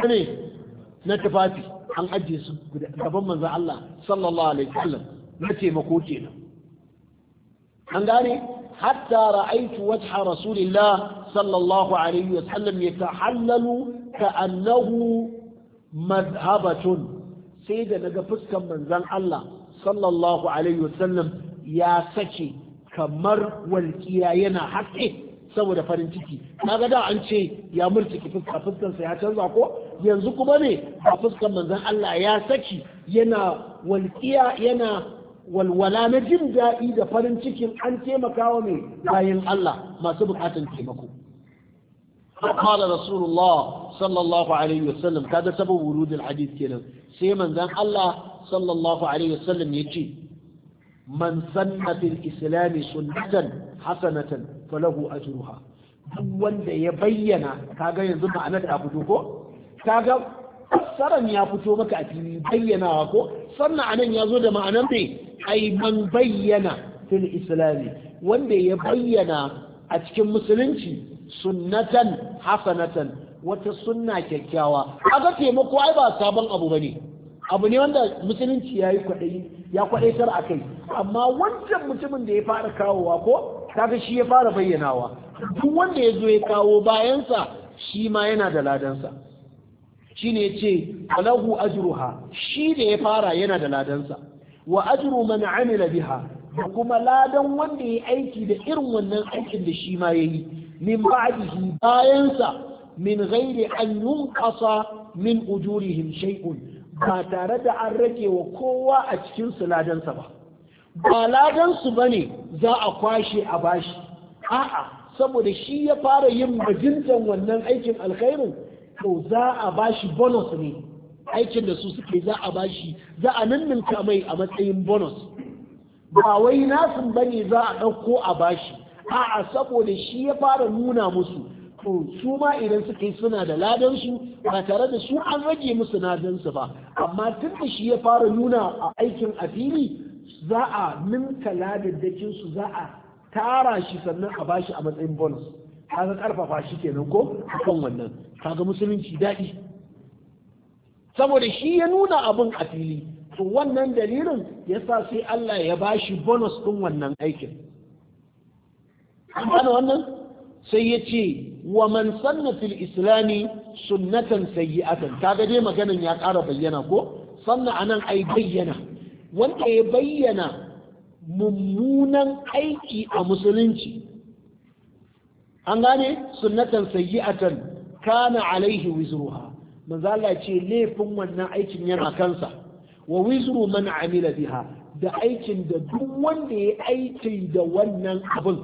A: ne na tufafi an ajiye su gaban manzan Allah sallallahu alaihi wasallam na taimako kenan an gane hatta ra'aitu wajha rasulillah sallallahu alaihi wa sallam ka annahu madhabatun sai da naga fuskan manzon Allah sallallahu alaihi wa sallam ya sake kamar walƙiya yana haske saboda farin ciki kaga da an ce ya murtiki fuska fuskansa ya canza ko yanzu kuma ne a fuskan manzon Allah ya saki yana walƙiya yana walwala na jin daɗi da farin cikin an taimakawa mai bayan Allah masu bukatan taimako قال رسول الله صلى الله عليه وسلم هذا سبب ورود الحديث كده سيما ذن الله صلى الله عليه وسلم يجي من سن في الإسلام سنة حسنة فله أجرها wanda ya bayyana kaga yanzu ma'anar ta fito ko kaga saran ya fito maka a fili bayyanawa ko sannan anan ya zo da ma'anar bai ai man bayyana fil islami wanda ya bayyana a cikin musulunci sunnatan hasanatan wata sunna kyakkyawa aga taimako ai ba sabon abu bane abu ne wanda musulunci yayi kwadayi ya kwadaitar akai amma wancan mutumin da ya fara kawowa ko kaga shi ya fara bayyanawa duk wanda ya zo ya kawo bayansa shi ma yana da ladansa shine yace falahu ajruha shi da ya fara yana da ladansa wa ajru man amila biha da kuma ladan wanda ya aiki da irin wannan aikin da shi ma yayi min ba'dihi bayansa min ghairi an yunqasa min ujurihim shay'un ba tare da an rage wa kowa a cikin su ladansa ba ba ladansu bane za a kwashe a bashi a'a saboda shi ya fara yin majintan wannan aikin alkhairin to za a bashi bonus ne aikin da su suke za a bashi za a ninninka mai a matsayin bonus ba wai nasin bane za a ɗauko a bashi a'a saboda shi ya fara nuna musu to su ma idan suka yi suna da su ba tare da su an rage musu su ba amma tun da shi ya fara nuna a aikin a fili za a ninka ladaddakin su za a tara shi sannan a bashi a matsayin bonus kaga karfafa shi kenan ko akan wannan kaga musulunci daɗi saboda shi ya nuna abin a fili to wannan dalilin ya sa sai Allah ya bashi bonus ɗin wannan aikin ana wannan sai ya ce wa man sanna fil islami sunnatan sayyi'atan kaga dai maganan ya ƙara bayyana ko sanna anan ai bayyana wanda ya bayyana mummunan aiki a musulunci an gane sunnatan sayyi'atan kana alaihi wizruha manzo Allah ce laifin wannan aikin yana kansa wa wizru man amila biha da aikin da duk wanda ya aiki da wannan abin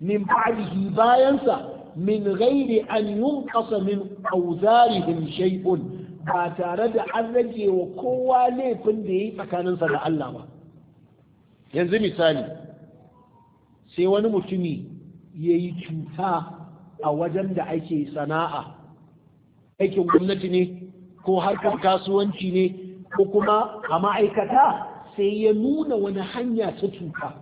A: min ba'dihi bayansa min ghairi an yunqasa min awzarihim shay'un ba tare da an rage wa kowa laifin da yayi tsakaninsa da Allah ba yanzu misali sai wani mutumi yayi cuta a wajen da ake sana'a aikin gwamnati ne ko harkar kasuwanci ne ko kuma a ma'aikata sai ya nuna wani hanya ta cuta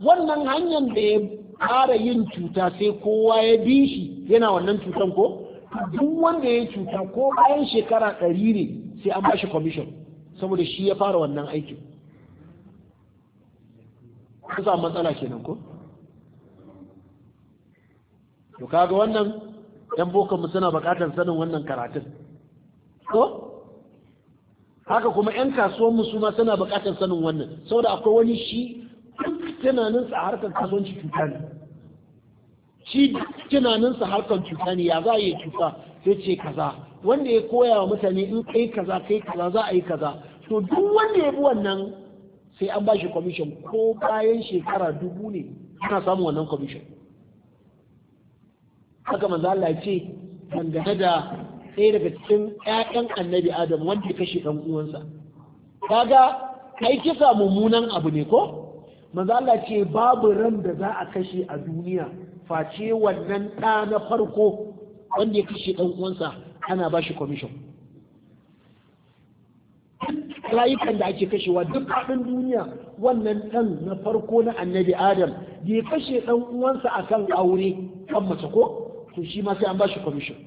A: wannan hanyar da ya fara yin cuta sai kowa ya bi shi yana wannan cutan ko duk wanda ya cuta ko bayan shekara ɗari ne sai an bashi kwamishin saboda shi ya fara wannan aikin kusa matsala kenan ko to kaga wannan yan bokanmu suna bukatar sanin wannan karatun ko haka kuma yan kasuwanmu su ma suna bukatar sanin wannan saboda akwai wani shi tunaninsa a harkar kasuwanci cuta ne shi tunaninsa harkar cuta ne ya za a yi cuta sai ce kaza wanda ya koya wa mutane in kai kaza kai kaza za a yi kaza to duk wanda ya bi wannan sai an ba shi kwamishin ko bayan shekara dubu ne ana samun wannan kwamishin haka manzo Allah ya ce dangane da ɗaya daga cikin ƴaƴan annabi Adam wanda ya kashe ɗan uwansa kaga kai kisa mummunan abu ne ko manzo Allah ce babu ran da za a kashe a duniya face wannan ɗa na farko wanda ya kashe ɗan uwansa ana ba shi commission rayukan da ake kashewa duk faɗin duniya wannan ɗan na farko na annabi adam da ya kashe ɗan uwansa akan aure kan mace ko to shi ma sai an bashi commission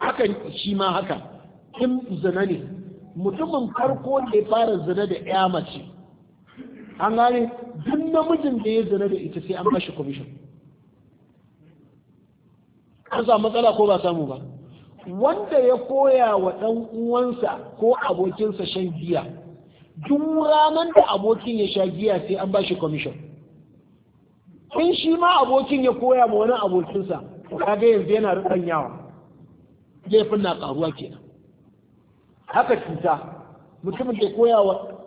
A: hakan shi ma haka in zina ne mutumin farko da ya fara zina da ya mace an gane duk namijin da ya zina da ita sai an bashi commission an samu matsala ko ba samu ba wanda ya koya wa ɗan uwansa ko abokinsa shan giya duk ranar da abokin ya sha giya sai an bashi commission in shi ma abokin ya koya ma wani abokinsa kaga yanzu yana yawa? laifin na karuwa kenan haka cuta mutumin da koya wa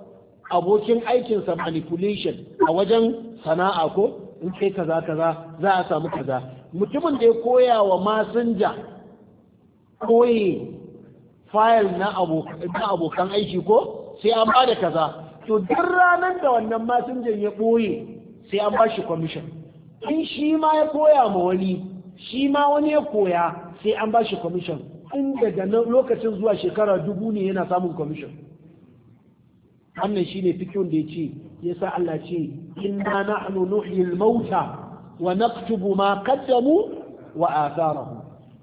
A: abokin aikinsa manipulation a wajen sana'a ko in kai kaza kaza za a samu kaza mutumin da ya koya wa masinja koyi fayil na abokan aiki ko sai an ba da kaza to duk ranar da wannan masinjan ya ɓoye sai an bashi commission in shi ma ya koya ma wani shi ma wani ya koya sai an bashi commission in daga lokacin zuwa shekara dubu ne yana samun commission wannan shine fikin da ce yasa Allah ce inna nahnu al mauta wa naktubu ma qaddamu wa atharahu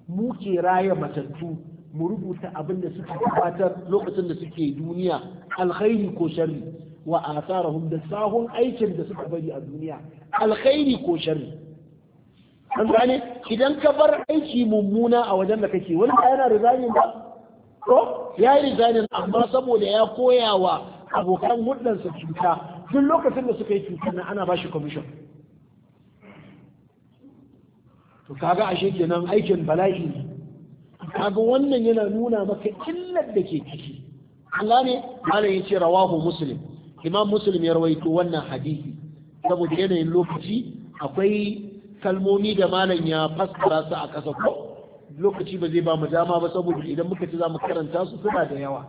A: mu ke raya matattu mu rubuta abin da suka gabatar lokacin da suke duniya alkhairi ko sharri wa asarahum da sahun aikin da suka bari a duniya alkhairi ko sharri an gane idan ka bar aiki mummuna a wajen da kake wani ba yana rizanin ba ko ya yi rizanin amma saboda ya koya wa abokan hudansa cuta duk lokacin da suka yi cuta na ana ba shi commission to kaga ashe kenan aikin bala'i ne kaga wannan yana nuna maka illar da ke ciki Allah ne Allah ya ce rawahu muslim imam muslim ya rawaito wannan hadisi saboda yanayin lokaci akwai kalmomi da malam ya fassara su a ƙasa ko lokaci ba zai ba mu dama ba saboda idan muka ci za mu karanta su suna da yawa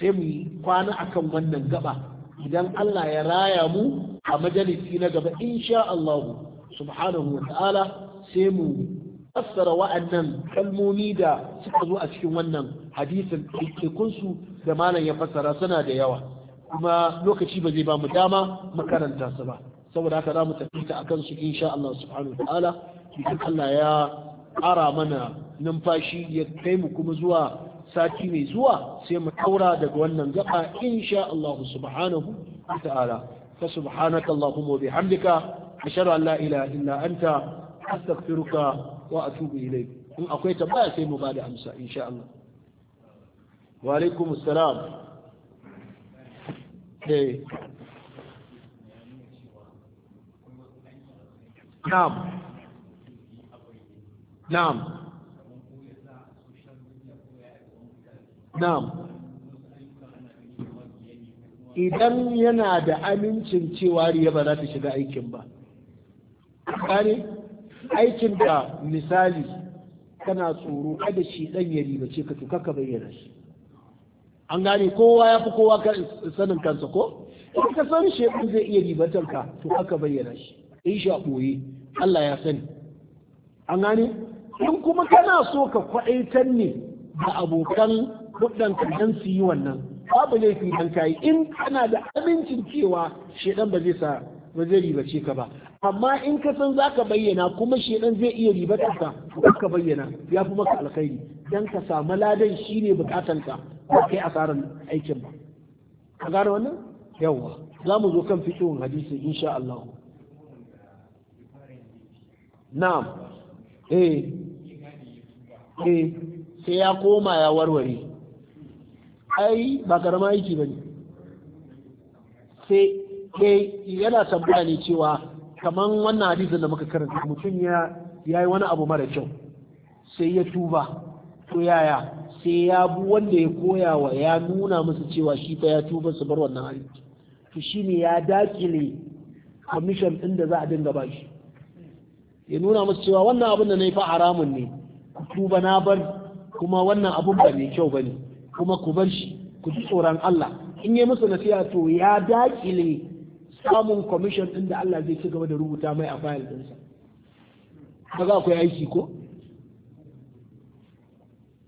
A: sai mu yi kwana akan wannan gaba idan Allah ya raya mu a majalisi na gaba insha Allah subhanahu wa ta'ala sai mu fassara wa'annan kalmomi da suka zo a cikin wannan hadisin ɗaiɗaikunsu da malam ya fassara suna da yawa kuma lokaci ba zai ba mu dama makaranta su ba saboda haka za mu tafi ta akan su insha Allah subhanahu ta'ala idan Allah ya ƙara mana numfashi ya kai mu kuma zuwa sati mai zuwa sai mu taura daga wannan gaba insha Allah subhanahu ta'ala fa subhanaka allahumma bihamdika ashhadu an la ilaha illa anta astaghfiruka wa atubu ilayk in akwai tambaya sai mu ba da amsa insha Allah wa alaikumus salam نعم نعم نعم idan yana da amincin cewa riya ba za ta shiga aikin ba gane aikin da misali kana tsoro kada shi dan ya ribace ka to ka bayyana shi an gane kowa ya fi kowa ka sanin kansa ko in ka san shekun zai iya ribatar ka to haka bayyana shi in sha ɓoye Allah ya sani an gane in kuma kana so ka kwaɗaitar ne da abokan kuɗin ka dan su yi wannan babu laifi dan yi. in kana da amincin cewa shedan ba zai sa ba zai ribace ka ba amma in ka san za ka bayyana kuma shedan zai iya ribatar ka ka bayyana ya fi maka alkhairi dan ka samu ladan shine bukatanka ba kai asarar aikin ba ka gane wannan yawa za mu zo kan fiƙin hadisi insha Allah na'am eh eh sai ya koma ya warware ai ba karama aiki ba ne sai eh yana tambaya ne cewa kamar wannan hadisin da muka karanta mutum ya yi wani abu mara kyau sai ya tuba to yaya sai ya bu wanda ya koya wa ya nuna musu cewa shi fa ya tuba su bar wannan hali to shi ne ya dakile commission din da za a dinga ba shi ya nuna musu cewa wannan abin da na yi fa haramun ne ku tuba na bar kuma wannan abun ba mai kyau bane kuma ku bar shi ku ji tsoron Allah in yi musu nasiha to ya dakile samun commission din da Allah zai ci gaba da rubuta mai a fayil ɗinsa kaga akwai aiki ko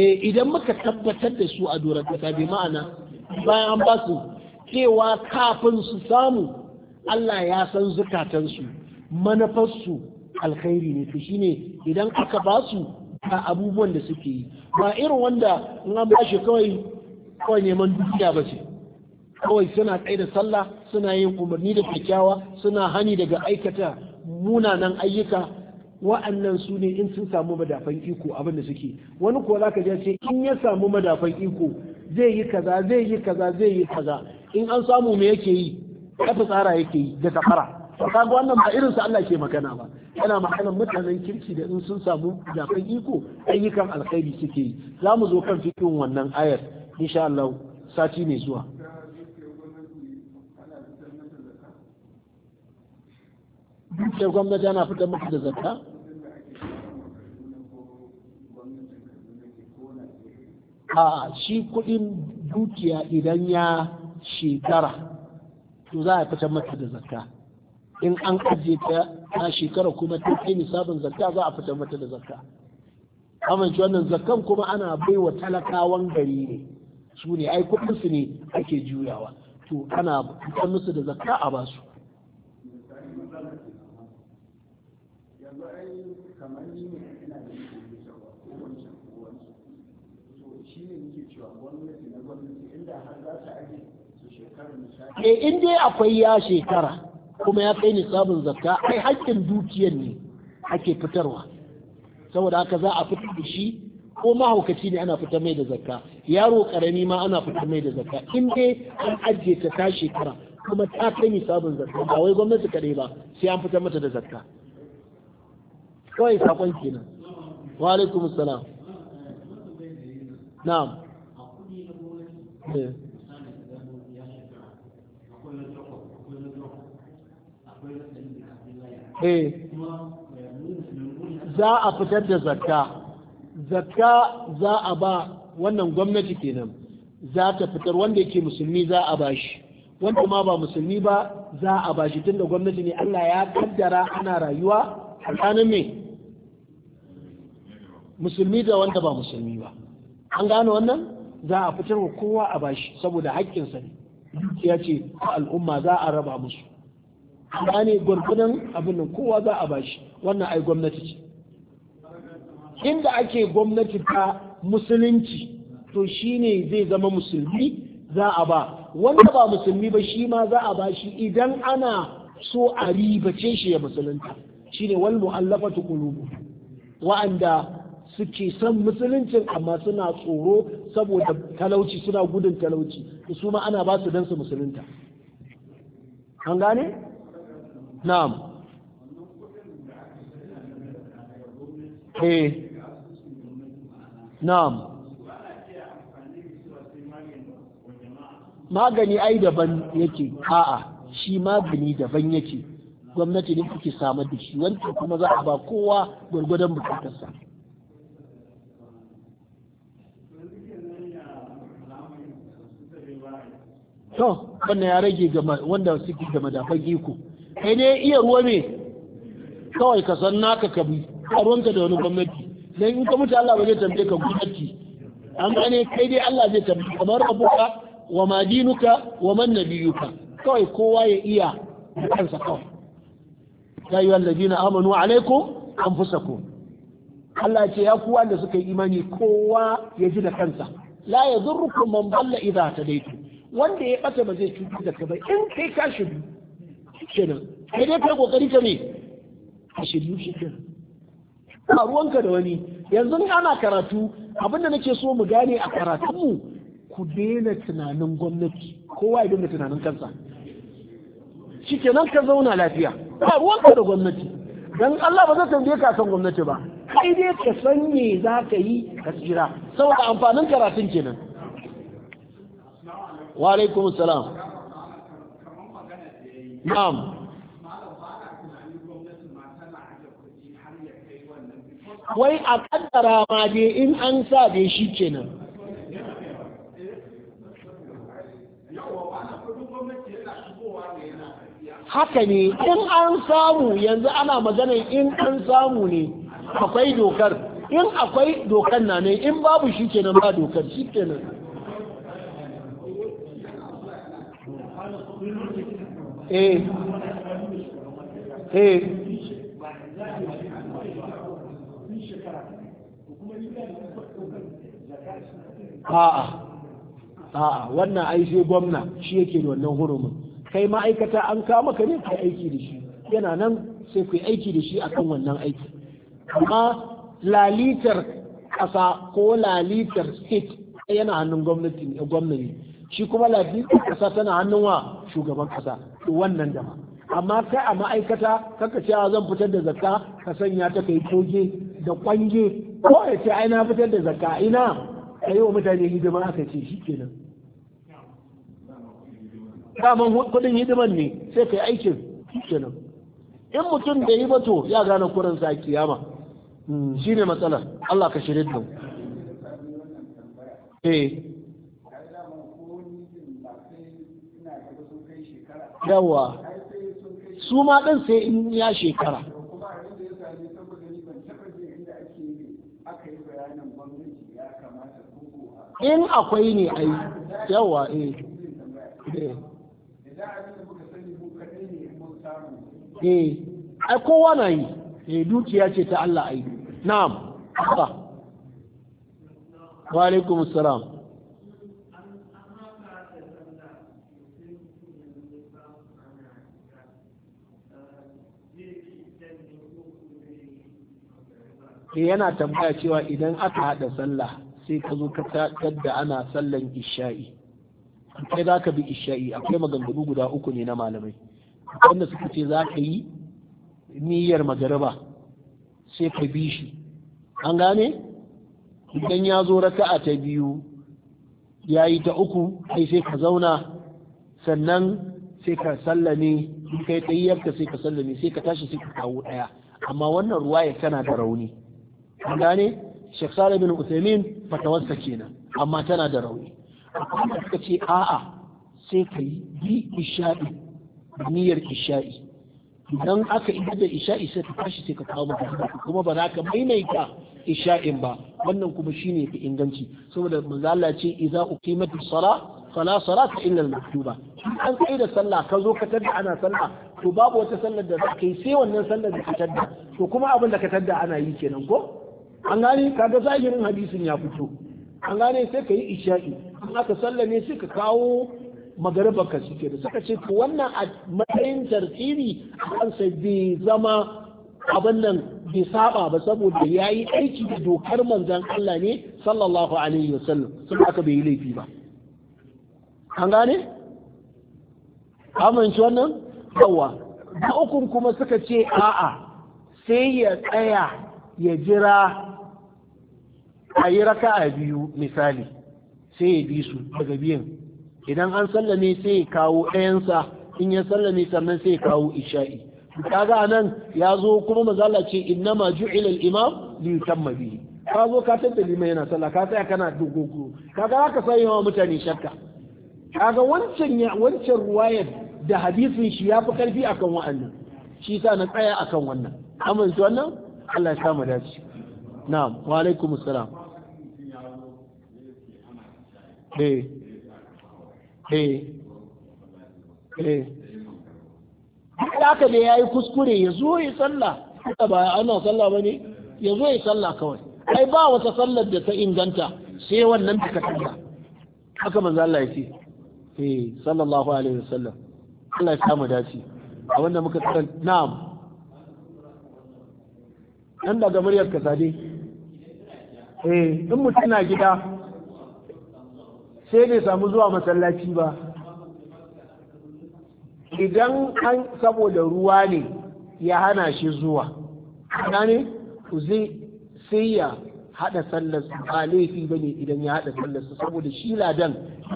A: e idan muka tabbatar da su a doron kasa bi ma'ana bayan an ba su cewa kafin su samu Allah ya san zukatansu manufarsu alkhairi ne to shine idan aka ba su a abubuwan da suke yi ba irin wanda in an ba shi kawai kawai neman dukiya ba ce kawai suna tsaye da sallah suna yin umarni da kyakkyawa suna hani daga aikata munanan ayyuka wa'annan su ne in sun samu madafan iko abin da suke wani kuwa za ka ce in ya samu madafan iko zai yi kaza zai yi kaza zai yi kaza in an samu me yake yi kafa tsara yake yi da safara to kaga wannan ba irin su Allah ke magana ba yana maganar mutanen kirki da in sun samu madafan iko ayyukan alkhairi suke yi za mu zo kan fikin wannan ayar insha Allah sati mai zuwa Dukkan gwamnati ana fitar maka da zarta a shi kuɗin dukiya idan ya shekara to za a fitar mata da zakka in an ajiye ta a shekara kuma ta kai misabin zakka za a fitar mata da zakka shi wannan zakkan kuma ana baiwa talakawan gari ne su ne ai kuɗinsu ne ake juyawa to ana fitar musu da zakka a basu yanzu ai kamar ne e in dai akwai ya shekara kuma ya kai nisabin zakka ai haƙƙin dukiyar ne ake fitarwa saboda haka za a fitar da shi ko mahaukaci ne ana fitar mai da zakka yaro karami ma ana fitar mai da zakka in dai an ajiye ta ta shekara kuma ta kai nisabin zakka ba wai gwamnati kaɗai ba sai an fitar mata da zakka kawai sakon kenan wa alaikum salam
B: na'am Eh.
A: Eh. za a fitar da zakka zakka za a ba wannan gwamnati kenan za ta fitar wanda yake musulmi za a ba shi wanda ma ba musulmi ba za a ba shi da gwamnati ne Allah ya kaddara ana rayuwa tsakanin me musulmi da wanda ba musulmi ba an gane wannan za a fitar wa kowa a bashi saboda haƙƙinsa ne dukiya ce al'umma za a raba musu amma ne gwargwadon abin nan kowa za a bashi wannan ai gwamnati ce inda ake gwamnati ta musulunci to shine zai zama musulmi za a ba wanda ba musulmi ba shi ma za a bashi idan ana so a ribace shi ya musulunta shine wal mu'allafatu qulubu wa'anda suke son musuluncin amma suna tsoro saboda talauci suna gudun talauci su ma ana ba su don su musulunta an gane? na'am eh na'am magani ai daban yake a'a shi magani daban yake gwamnati ne kuke samar da shi wancan kuma za a ba kowa gwargwadon bukatarsa to wannan ya rage ga wanda suke da madafan iko kai ne iya ruwa ne kawai ka san naka ka bi a ruwanka da wani gwamnati dan in ka mutu Allah ba zai tambaye ka gwamnati an gane kai dai Allah zai tambaye kamar abuka wa madinuka wa man nabiyuka kawai kowa ya iya kansa kawai ya yi wallazina amanu alaikum anfusakum Allah ce ya kuwa da suka yi imani kowa ya ji da kansa la yadurrukum man dalla ta tadaitu wanda ya ɓata ba zai cutar da ka bai in kai ka shiru kenan kai dai kai kokari ka ne. ka shiru shi kenan a ruwanka da wani yanzu ana karatu abinda nake so mu gane a karatunmu ku daina tunanin gwamnati kowa ya daina tunanin kansa shikenan ka zauna lafiya ba ruwanka da gwamnati dan Allah ba zai tambaye ka san gwamnati ba kai dai ka san me za ka yi ka tsira saboda amfanin karatun kenan wa alaikum salam na'am wai a kaddara ma dai in an sa dai shi kenan haka ne in an samu yanzu ana maganin in an samu ne akwai dokar in akwai dokar na ne in babu shi kenan ba dokar shi kenan eh eh a'a wannan ai sai gwamna shi yake da wannan hurumin kai ma'aikata an kama ka ne kai aiki da shi yana nan sai ku aiki da shi akan wannan aiki amma lalitar ƙasa ko lalitar state yana hannun gwamnati gwamnati shi kuma lalitar ƙasa tana hannun wa shugaban ƙasa to wannan dama amma kai a ma'aikata kaka cewa ah, zan fitar da zakka ka sanya ta kai toge da kwange ko ya ce ai na fitar da zakka ina kai wa mutane hidima aka ce shikenan daman kudin hidiman ne sai kai aikin shikenan in mutum da yi bato ya gane kuran sa kiyama hmm, shine matsalar Allah ka shirye da mu eh yawa su ma ɗin sai in ya shekara in akwai ne ai yawa eh. eh eh ai kowa na yi eh dukiya ce ta Allah ai na'am wa alaikum assalam Eh, yana tambaya cewa idan aka haɗa sallah sai ka zo ka da ana sallan isha'i kai za ka bi isha'i akwai maganganu guda uku ne na malamai wanda suka ce za ka yi niyyar magaraba sai ka bi shi an gane idan ya zo raka'a ta biyu ya yi ta uku kai sai ka zauna sannan sai ka sallame kai tsayyarka sai ka sallame sai ka tashi sai ka kawo ɗaya amma wannan ruwa ya tana da rauni an gane Sheikh Salih bin Uthaymeen fatawarsa kenan amma tana da rauni amma suka ce a'a sai ka yi isha'i niyyar isha'i idan aka idar da isha'i sai ka tashi sai ka kawo maka kuma ba za ka maimaita isha'in ba wannan kuma shine fi inganci saboda manzo Allah ce idza uqimatu sala fala salata illa al-maktuba an kai da sallah ka zo ka tada ana sallah to babu wata sallar da za ka yi sai wannan sallar da ka tada to kuma abin da ka tada ana yi kenan ko an gane kaga zahirin hadisin ya fito an gane sai ka yi isha'i ka aka sallame sai ka kawo magariba ka suke da suka ce wannan a matsayin tartibi sai bai zama abin nan bai saba ba saboda ya yi aiki da dokar manzan Allah ne sallallahu alaihi wa sallam sun aka bai yi laifi ba an gane amince wannan yawa da ukun kuma suka ce a'a sai ya tsaya ya jira a yi raka a biyu misali sai ya bi su daga biyan idan an sallame sai ya kawo ɗayansa in ya sallame sannan sai ya kawo isha'i kaga nan ya zo kuma mazala ce inna ma ju'ila al-imam li yutamma bihi ka zo ka tada liman yana sallah ka tsaya kana dogogo kaga haka sai yawa mutane shakka kaga wancan wancan ruwayar da hadisin shi ya fi karfi akan wa'annan shi sa na tsaya akan wannan amince wannan Allah ya sa mu dace na'am wa alaikumus salam eh eh eh haka da yayi kuskure ya zo yi sallah ba ana sallah ba ne, ya zo yi sallah kawai ai ba wata sallar da ta inganta sai wannan da ka tanda haka manzo Allah ya ce eh sallallahu alaihi wasallam Allah ya samu dace a wanda muka tsara na'am Nan daga muryar ka sade eh in mutum na gida sai bai samu zuwa masallaci ba idan an saboda ruwa ne ya hana shi zuwa ku zai sai ya haɗa sallar ba laifi ba ne idan ya haɗa sallar saboda shi ladan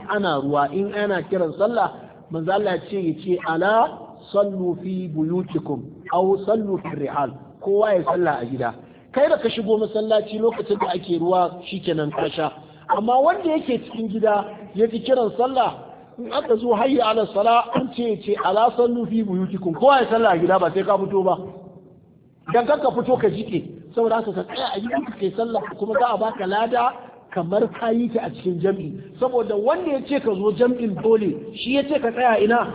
A: ana ruwa in ana kiran sallah manzo Allah ce ya ce ala sallu fi buyutikum aw sallu fi rihal kowa ya sallah a gida kai da ka shigo masallaci lokacin da ake ruwa shikenan kenan kasha amma wanda yake cikin gida ya ji kiran sallah in aka zo hayya ala sala an ce ce ala sallu fi buyutikum kowa ya sallah a gida ba sai ka fito ba dan ka fito ka jike saboda haka ka tsaya a gidan ka kai sallah kuma za a baka lada kamar ka ta a cikin jam'i saboda wanda ya ce ka zo jam'in dole shi ya ce ka tsaya ina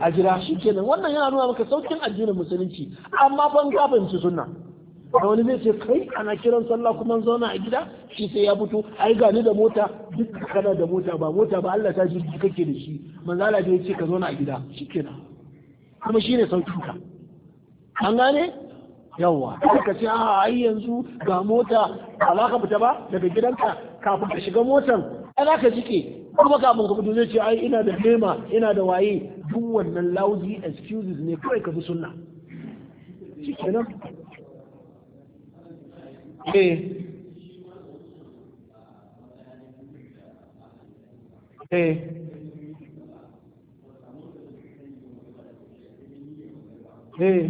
A: a gida shi kenan wannan yana nuna maka saukin addinin musulunci amma ban ka fahimci sunna da wani zai ce kai ana kiran sallah kuma zauna a gida shi sai ya fito ai ga ni da mota duk kana da mota ba mota ba Allah ta jirgi kake da shi manzo Allah bai yace ka zauna a gida shikenan kuma shine saukin ka an gane yawa ka ce a ai yanzu ga mota ba ka fita ba daga gidanka kafin ka shiga motan ai za ka jike kuma kafin ka fito zai ce ai ina da nema ina da waye duk wannan lousy excuses ne kawai ka bi sunna shikenan eh eh eh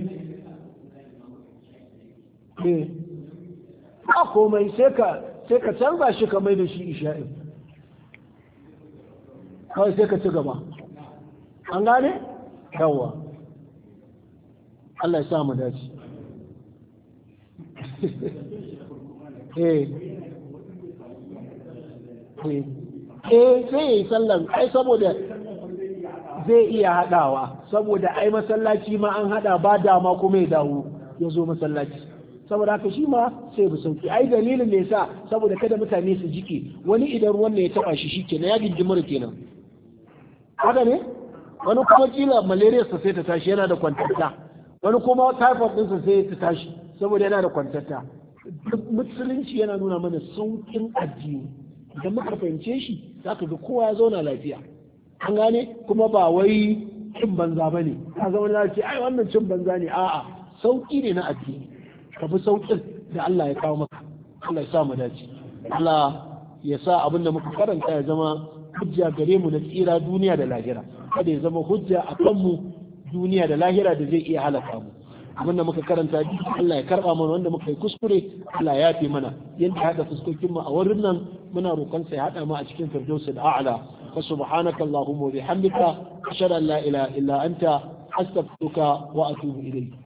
A: eh a komai sai ka sai ka canza shi ka mai da shi isha'in kawai sai ka ci gaba an gane? Yawwa. Allah ya sa mu dace eh sai eh. eh, ya yi sallan ai saboda zai iya haɗawa saboda ai masallaci ma an haɗa ba dama kuma ya dawo ya zo masallaci saboda haka shi ma sai bu sauki ai dalilin ne sa saboda kada mutane su jike wani idan ruwan ne ya taɓa shi shi kenan ya gindimar kenan haka ne wani kuma kila malaria sa sai ta tashi yana da kwantatta wani kuma typhoid ɗinsa sai ta tashi saboda yana da kwantatta musulunci yana nuna mana saukin addini idan muka fahimce shi za ka ga kowa ya zauna lafiya an gane kuma ba wai cin banza ba ne ka zama na ce ai wannan cin banza ne a'a sauki ne na addini ka bi saukin da Allah ya kawo maka Allah ya sa mu dace Allah ya sa abin da muka karanta ya zama hujja gare mu na tsira duniya da lahira kada ya zama hujja a kanmu duniya da lahira da zai iya halaka mu abin da muka karanta Allah ya karba mana wanda muka yi kuskure Allah ya yafe mana yadda hada fuskokin mu a wurin nan muna roƙon sa ya hada mu a cikin firdausul a'la fa subhanaka allahumma wa bihamdika ashhadu an la ilaha illa anta astaghfiruka wa atubu ilayk